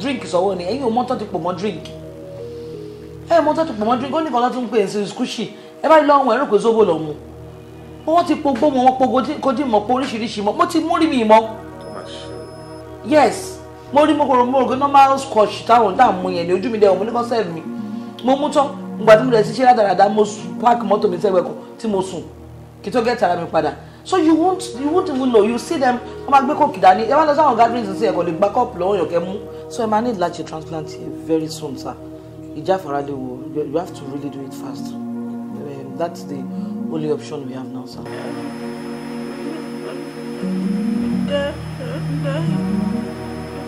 drink sọ́wọ́ ni ẹ̀yin ò mọ́tò ti pò mọ́ drink ẹ̀ mọ́tò ti pò mọ́ drink ó ní kan láti ń pè é sí skúṣì ẹ bá lọ́wọ́ ẹ̀rọ pé zobo lọ́mú wọ́n ti pogbó mọ́ wọn pogo kó dì mọ́ pé oríṣiríṣi mọ́ mo ti mú rí mi mọ́ yes mo rí mokoro mokoro normal scotch táwọn tá à yẹn ní ojú mi dẹ̀ wọ́n mo ní mi mo mú tán ìgbà tí mo lè ṣiṣẹ́ ládàradà mo park mọ́tò mi sẹ́gbẹ̀ẹ́ kan tí mo sùn kí tó gẹ́tì ara mi padà so you won't you won't even know you see them wọ́n máa gbé kókì dání ẹ máa lọ sáwọn gatherings sí ẹ̀kọ́ lè gba cup lọ́wọ́ yàn mú so ẹ need láti transplant here very soon sir ìjà farade wo you have to really do it fast um, that's the only option we have now sir.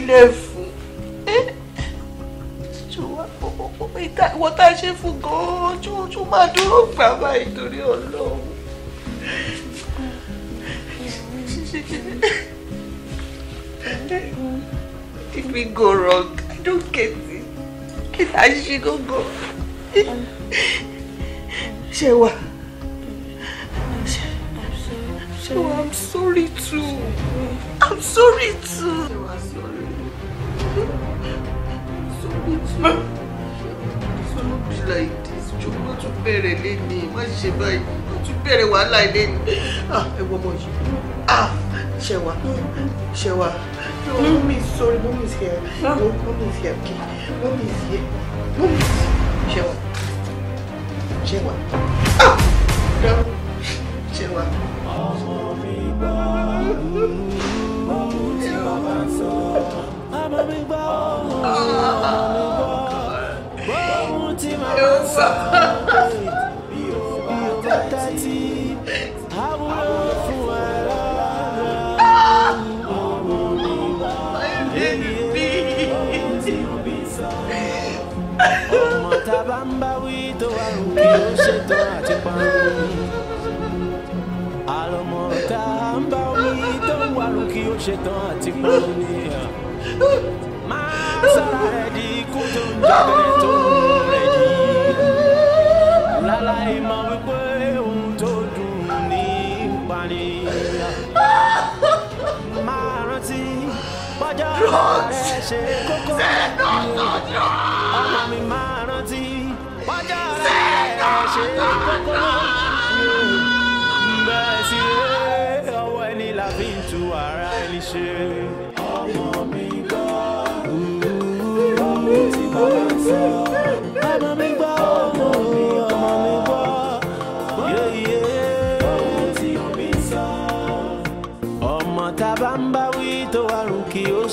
sílẹ̀ fún eh, ìwọ tá a ṣe fún gan-an ojú ojú máa dúró gbà báyìí torí ọlọ́run. Did we go wrong? I don't get it. Kí ni a ṣe gbogbo? Shewa, no, hmm? mommy is sorry, mommy is here. No, mommy is here, okay? Mommy is here. Mommy is here. Shewa. Shewa.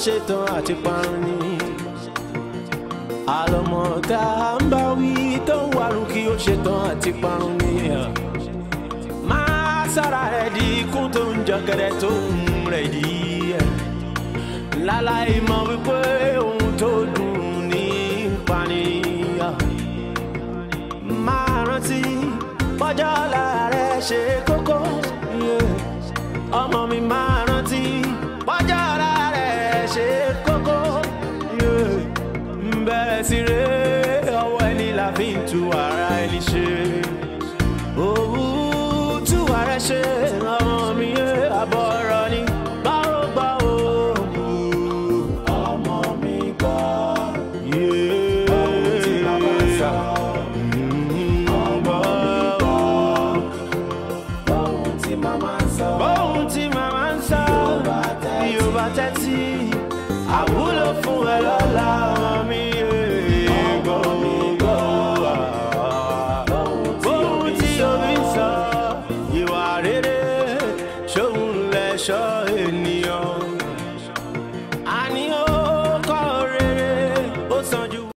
ṣetán àti parun ni àlọ́mọ tá a ń bá wí tó ń warun kí ó ṣetán àti parun ni máa sára rẹ̀ di ikú tó ń jọgẹrẹ tó ń rẹ̀ yí láláì mọ̀ wípé ohun tó dùn ní pani máa rántí bọ́jọ́ ọ̀la rẹ̀ ṣe é